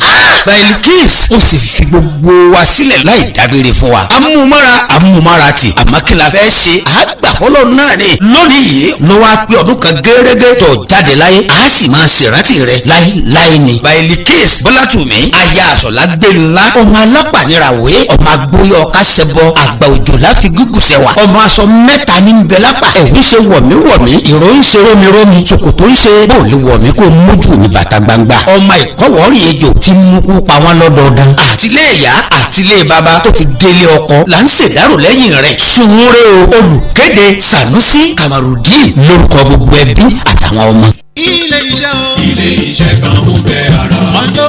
bailikis ó sì fi gbogbo wa sílẹ̀ láì dágbére fún wa. amúmára amúmára ti àmọ́ kí la fẹ́ ṣe àgbàfọ́lọ́ náà ni lónìí yìí ló wá pé ọdún kan gẹ́gẹ́ tó jáde láyé á sì máa ṣèrántí rẹ láéláé ni. bailikis bọ́látùmí aya àsọ̀lá gbẹ̀nlá ọmọ alápànírawé ọmọ agbóyọ̀ kásẹ̀bọ àgbà òjò láfi gúgùsẹ̀ wà ọmọ aṣọ mẹ́ta ní bẹ lápá ẹ̀wí ṣe wọ̀míwọ̀mí ìró ń ṣe rómirómi ṣòkòtò ń ṣe bóòlù wọ̀mí kó mójú ní bàtà gbangba ọmọ ìkọ́wọ́rì ejò ti mú kú pa wọ́n lọ́dọọdún àtìlé ìyá àtìlé bàbá tó fi délé ọkọ là ń ṣèdárò lẹ́yìn rẹ̀ sunwúre o olùkéde sanusi kamarudin lórúkọ gbogbo ẹbí àtàwọn ọmọ. 一泪笑。ilé iṣẹ́ kan ń bẹ ara.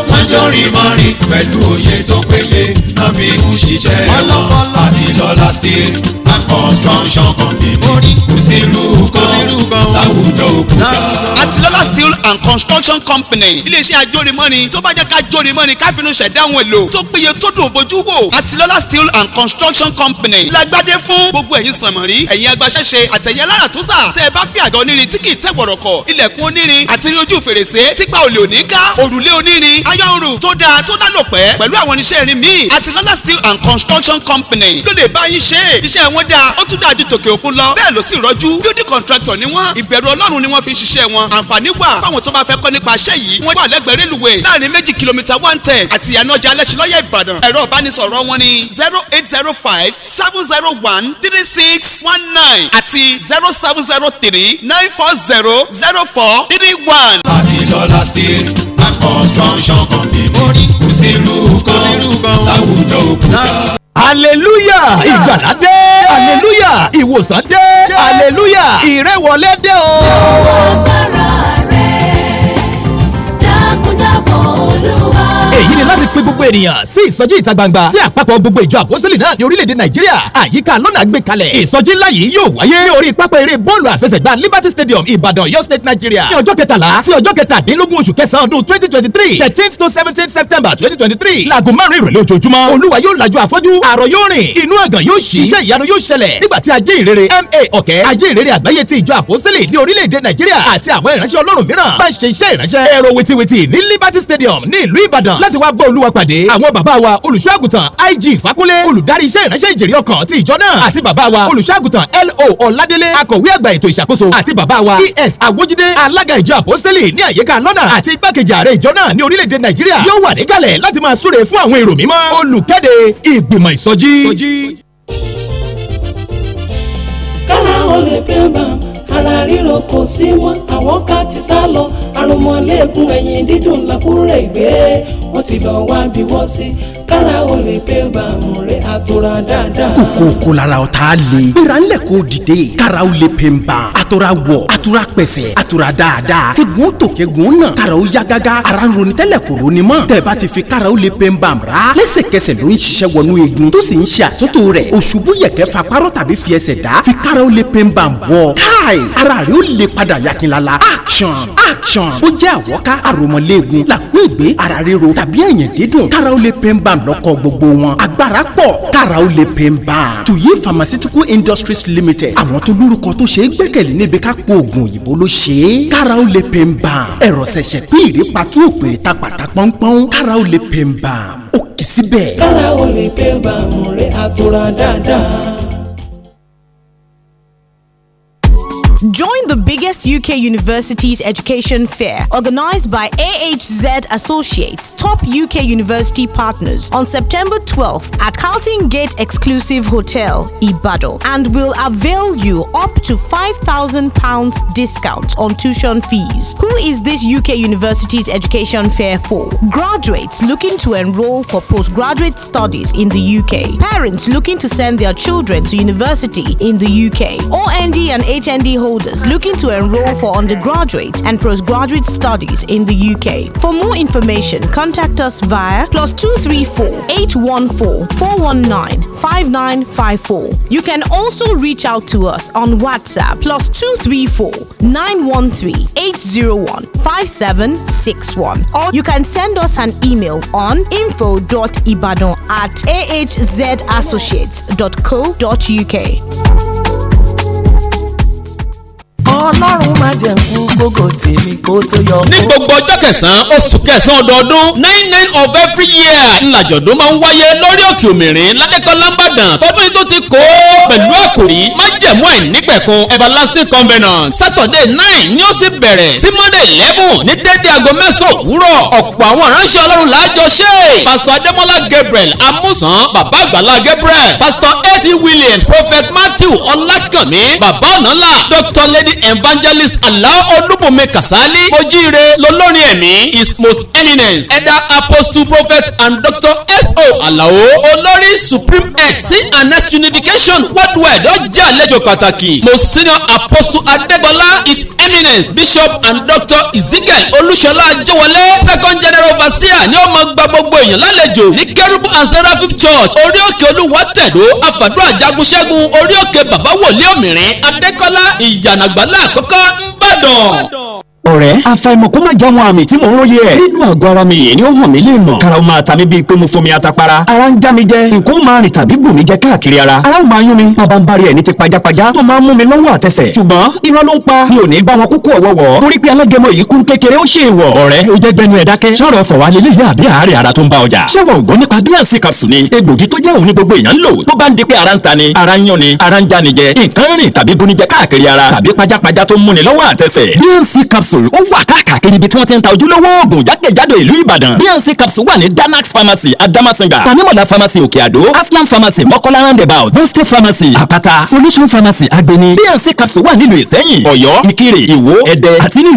wọ́n jọ rìn máa rìn pẹ̀lú òye tó péye náà fi ń ṣiṣẹ́ wọn àti lọ́la steel and construction company kò sí irú kan láwùjọ òkúta àtìlọ́lá steel and construction company iléeṣẹ́ ajórimọ́ni tó bá jẹ́ ká jórimọ́ni ká finú ṣẹ̀dá ohun èlò tó péye tó dùn bójú wò àtìlọ́lá steel and construction company lágbádé fún gbogbo ẹ̀yin sànmọ́rí ẹ̀yin agbaṣẹ́ṣe àtẹ̀yẹ lára tẹ́ ẹ bá fi àga onírin tí kì í tẹ́ gbọ̀rọ̀kọ̀ ilẹ̀kùn onírin àti ojú fèrèsé fèrèsé típa olè òní ká òrùlé onírin ayọ̀nrù tó dáa tó lálòpẹ́ pẹ̀lú àwọn oníṣẹ́ irin míì àti lọ́lá steel and construction company ló lè bá yín ṣe iṣẹ́ wọn dáa ó tún dáa ju tòkè òkun lọ bẹ́ẹ̀ ló sì rọ́jú building contractor ni wọ́n ìbẹ̀rù ọlọ́run ni wọ́n fi ṣiṣẹ́ wọn àǹfààní wà fáwọn tó bá fẹ́ kọ́ nípa iṣẹ́ yìí wọ́n wà lẹ́gbẹ̀ẹ́ rélùwẹ̀ láàrin méjì kìlómítà one ten àti ìyànàjà alẹ́sìlọ́yẹ̀ ìbàdàn ẹ̀rọ ìbánisọ̀rọ̀ wọn ni zero eight zero five seven zero one three six one nine àti zero seven zero three nine four zero zero four three one láti lọ́la steel and construction company kò sí irú kan láwùjọ òkúta. hallelujah ah. ìgbàlá dé hallelujah ìwòsàn dé hallelujah ìrẹ́wọlé dé o. ìjọba sára rẹ̀ jákújákọ̀ olúwa èyí ni láti pe gbogbo ènìyàn sí ìsọjí ìta gbangba tí àpapọ̀ gbogbo ìjọ àpọ́sítélì náà ní orílẹ̀-èdè nàìjíríà àyíká lọ́nà gbé kalẹ̀ ìsọjí ńlá yìí yóò wáyé ní orí pápá eré bọ́ọ̀lù àfẹsẹ̀gbá liberty stadium ìbàdàn Yor state nigeria ní ọjọ́ kẹtàlá sí ọjọ́ kẹtàdínlógún oṣù kẹsàn-án ọdún twenty twenty three thirteen to seventeen september twenty twenty three laago márùn-ún ìrọ̀lẹ́ ojoojúmọ́ olúwa yóò lajú afọ́jú àrọ̀ yóò rìn inú àgàn yóò ṣí iṣẹ́ ìyanu yóò ṣẹlẹ̀ nígbà tí ajé ìrere ma ọ̀kẹ́ ajé ìrere àgbáyé ti ìjọ àpọ́sítélì ní orílẹ̀-èdè nàìjíríà àti àwọn ìránṣẹ́ ọlọ́run mìíràn bá ń ṣe iṣẹ́ ìránṣẹ́ ẹ̀rọ wetiweti ní liberty stadium ní ìlú ìbàdàn láti wá bá olúwa pàdé àwọn bàbá wa olùṣọ́ àgùntàn ig fakunlé olùdarí iṣẹ́ ìránṣẹ́ ìjèrè ọkàn ti ìjọ náà àti bàbá wa olùṣọ́ àgùntàn lo ọládélé akọ̀wé àgbà ètò ìṣàkóso àti bàbá wa es awójídé alága ìjọ àpọ́sẹ́lì ní àyíká lọ́nà àti igbákejì ààrẹ ìjọ náà ní orílẹ̀-èdè nàìjíríà yóò wà níkàlẹ̀ láti máa súre fún àwọn èrò mímọ́ olùkéde ìgbìmọ̀ ìsọjí. kára ó lè pé bá a ara ríro kò sí mọ́ àwọn ká ti sá lọ àrùn mọ́lẹ́gùn ẹ̀yìn dídùn làkúrẹ́ ìgbé wọ́n ti lọ́ọ́ wá bí sí kára o lè pé bàmù rẹ̀ àtòrà dáadáa. kòkòkò lára ọ̀tá le. gbéra ńlẹ̀ kó dìde. kára o lè pè ń bà. àtòrà wọ̀ àtòrà pẹ̀sẹ̀ àtòrà dáadáa. kegun tó kegun náà. kára o ya gágá. ara ń ronú tẹ́lẹ̀ kò ronú mọ́. tẹ̀bá ti fi kára o lè pè ń bà mọ́ra. lẹ́sẹ̀kẹsẹ̀ ló ń ṣiṣẹ́ wọnú egun. tó sì ń ṣe àtúntò rẹ̀. òṣùbù yẹ̀kẹ́ fa párọ̀ tàbí fi ẹsẹ̀ dá. fi kára o lè pè ń bà wọ. káì ara rẹ̀ ó lè padà yakinlala. action action. ó jẹ́ àwọ́ká àròmọ̀léegun làkú ìgbé ara ríro tàbí ẹ̀yìn dídùn kára ó lè pain balm lọ́kọ̀ gbogbo wọn agbára pọ̀ kára ó lè pain balm. tuyi pharmaceutical industries limited àwọn tó lórúkọ tó ṣe é gbẹ́kẹ̀lé níbi ká po oògùn òyìnbó ló ṣe é kára ó lè pain balm ẹ̀rọ ṣẹ̀ṣẹ̀ pín ìrèpàtú òpèrè ta pàtà pọ́npọ́n kára ó lè pain balm ó kì í síbẹ̀. kára ó lè pain balm rẹ̀ àtòrà dáadáa Join the biggest UK universities education fair organized by AHZ Associates, top UK university partners, on September 12th at Carlton Gate Exclusive Hotel, Ibado, and will avail you up to £5,000 discount on tuition fees. Who is this UK universities education fair for? Graduates looking to enroll for postgraduate studies in the UK, parents looking to send their children to university in the UK, OND and HND holders looking to enroll for undergraduate and postgraduate studies in the UK. For more information, contact us via plus 234 814 419 5954. You can also reach out to us on WhatsApp plus 234 913 801 5761. Or you can send us an email on info.ibadan at ahzassociates.co.uk. ọlọ́run máa jẹ́ nkú gbogbo tèmi kó tó yọ. ní gbogbo ọjọ́ kẹsàn-án oṣù kẹsàn-án ọdọọdún nine nine of every year ńlàjọ̀dún máa ń wáyé lórí òkè òmìnirin ládẹ́kọ̀ọ́lá ìbàdàn tọdún yìí tó ti kó pẹ̀lú àkòrí májẹ̀mú àìnípẹ̀kun everlasting covenant saturday nine ni ó sì bẹ̀rẹ̀ sí monday eleven ní dédé aago mẹ́sàn-án òwúrọ̀ ọ̀pọ̀ àwọn aránṣẹ́ ọlọ́run láàjọ ṣe pastor adémọ́lá gabriel amúsàn bàbá àgbàlá gabriel pastor a.t williams prophet matthew ọlákànmí bàbá ọ̀nàlá dr lady evangelist allah olúbùnmi kasali Ojire lolórin ẹ̀mí his most eminence elder apostle prophet and doctor s.o. alao olórí supreme head cns unification worldwide ó jẹ́ àlejò pàtàkì most senior apostle adébọlá his eminence bishop and doctor ezekiel olúṣọlá ajẹ́wọlé second general overseer ni ó máa gba gbogbo èèyàn lálejò ní kérúbù and seraphim church orí òkè olúwa tẹ̀dó àfàdúrà jagunṣẹ́gun orí òkè bàbá wòlíọ̀mìrín adékọ́lá ìyànàgbálà is Badon. ọ̀rẹ́ àfàìmọ̀ kó má já wọn àmì tí mò ń róye ẹ̀ nínú àgọ́ ara mi yìí ni ó hàn mí lè mọ̀ máa ta mí bíi pé mo fomi atapara ara ń já mi jẹ nǹkan ó máa rìn tàbí bù mí jẹ káàkiri ara ara ó máa yún mi bàbá ń bari ẹ̀ ní ti pajápajá tó máa ń mú mi lọ́wọ́ àtẹsẹ̀ ṣùgbọ́n irọ́ ló ń pa mi ò ní bá wọn kúkú ọ̀wọ́wọ́ torí pé alágẹmọ yìí kún kékeré ó ṣe ìwọ̀ ọ̀rẹ́ ó jẹ́ gbẹnu ẹ̀ dákẹ́ sọ̀rọ̀ ọ̀fọ̀ ni egbògi tó jẹ́ òun ní gbogbo èèyàn ń lò tó bá ń di pé ara ń ta ni ara ń yún ni ara ń já ni jẹ nǹkan rìn tàbí capsule ó wà káàkiri ibi tí wọ́n ti ń ta ojúlówó oògùn jákèjádò ìlú ìbàdàn bnc capsule wà ní danax pharmacy adamasinga tanimola pharmacy òkè àdó aslam pharmacy mọ́kọ́lá roundabout boste pharmacy àpáta solution pharmacy agbeni bnc capsule wà nílùú ìsẹ́yìn ọ̀yọ́ ìkirè ìwó ẹ̀dẹ́ àti nílùú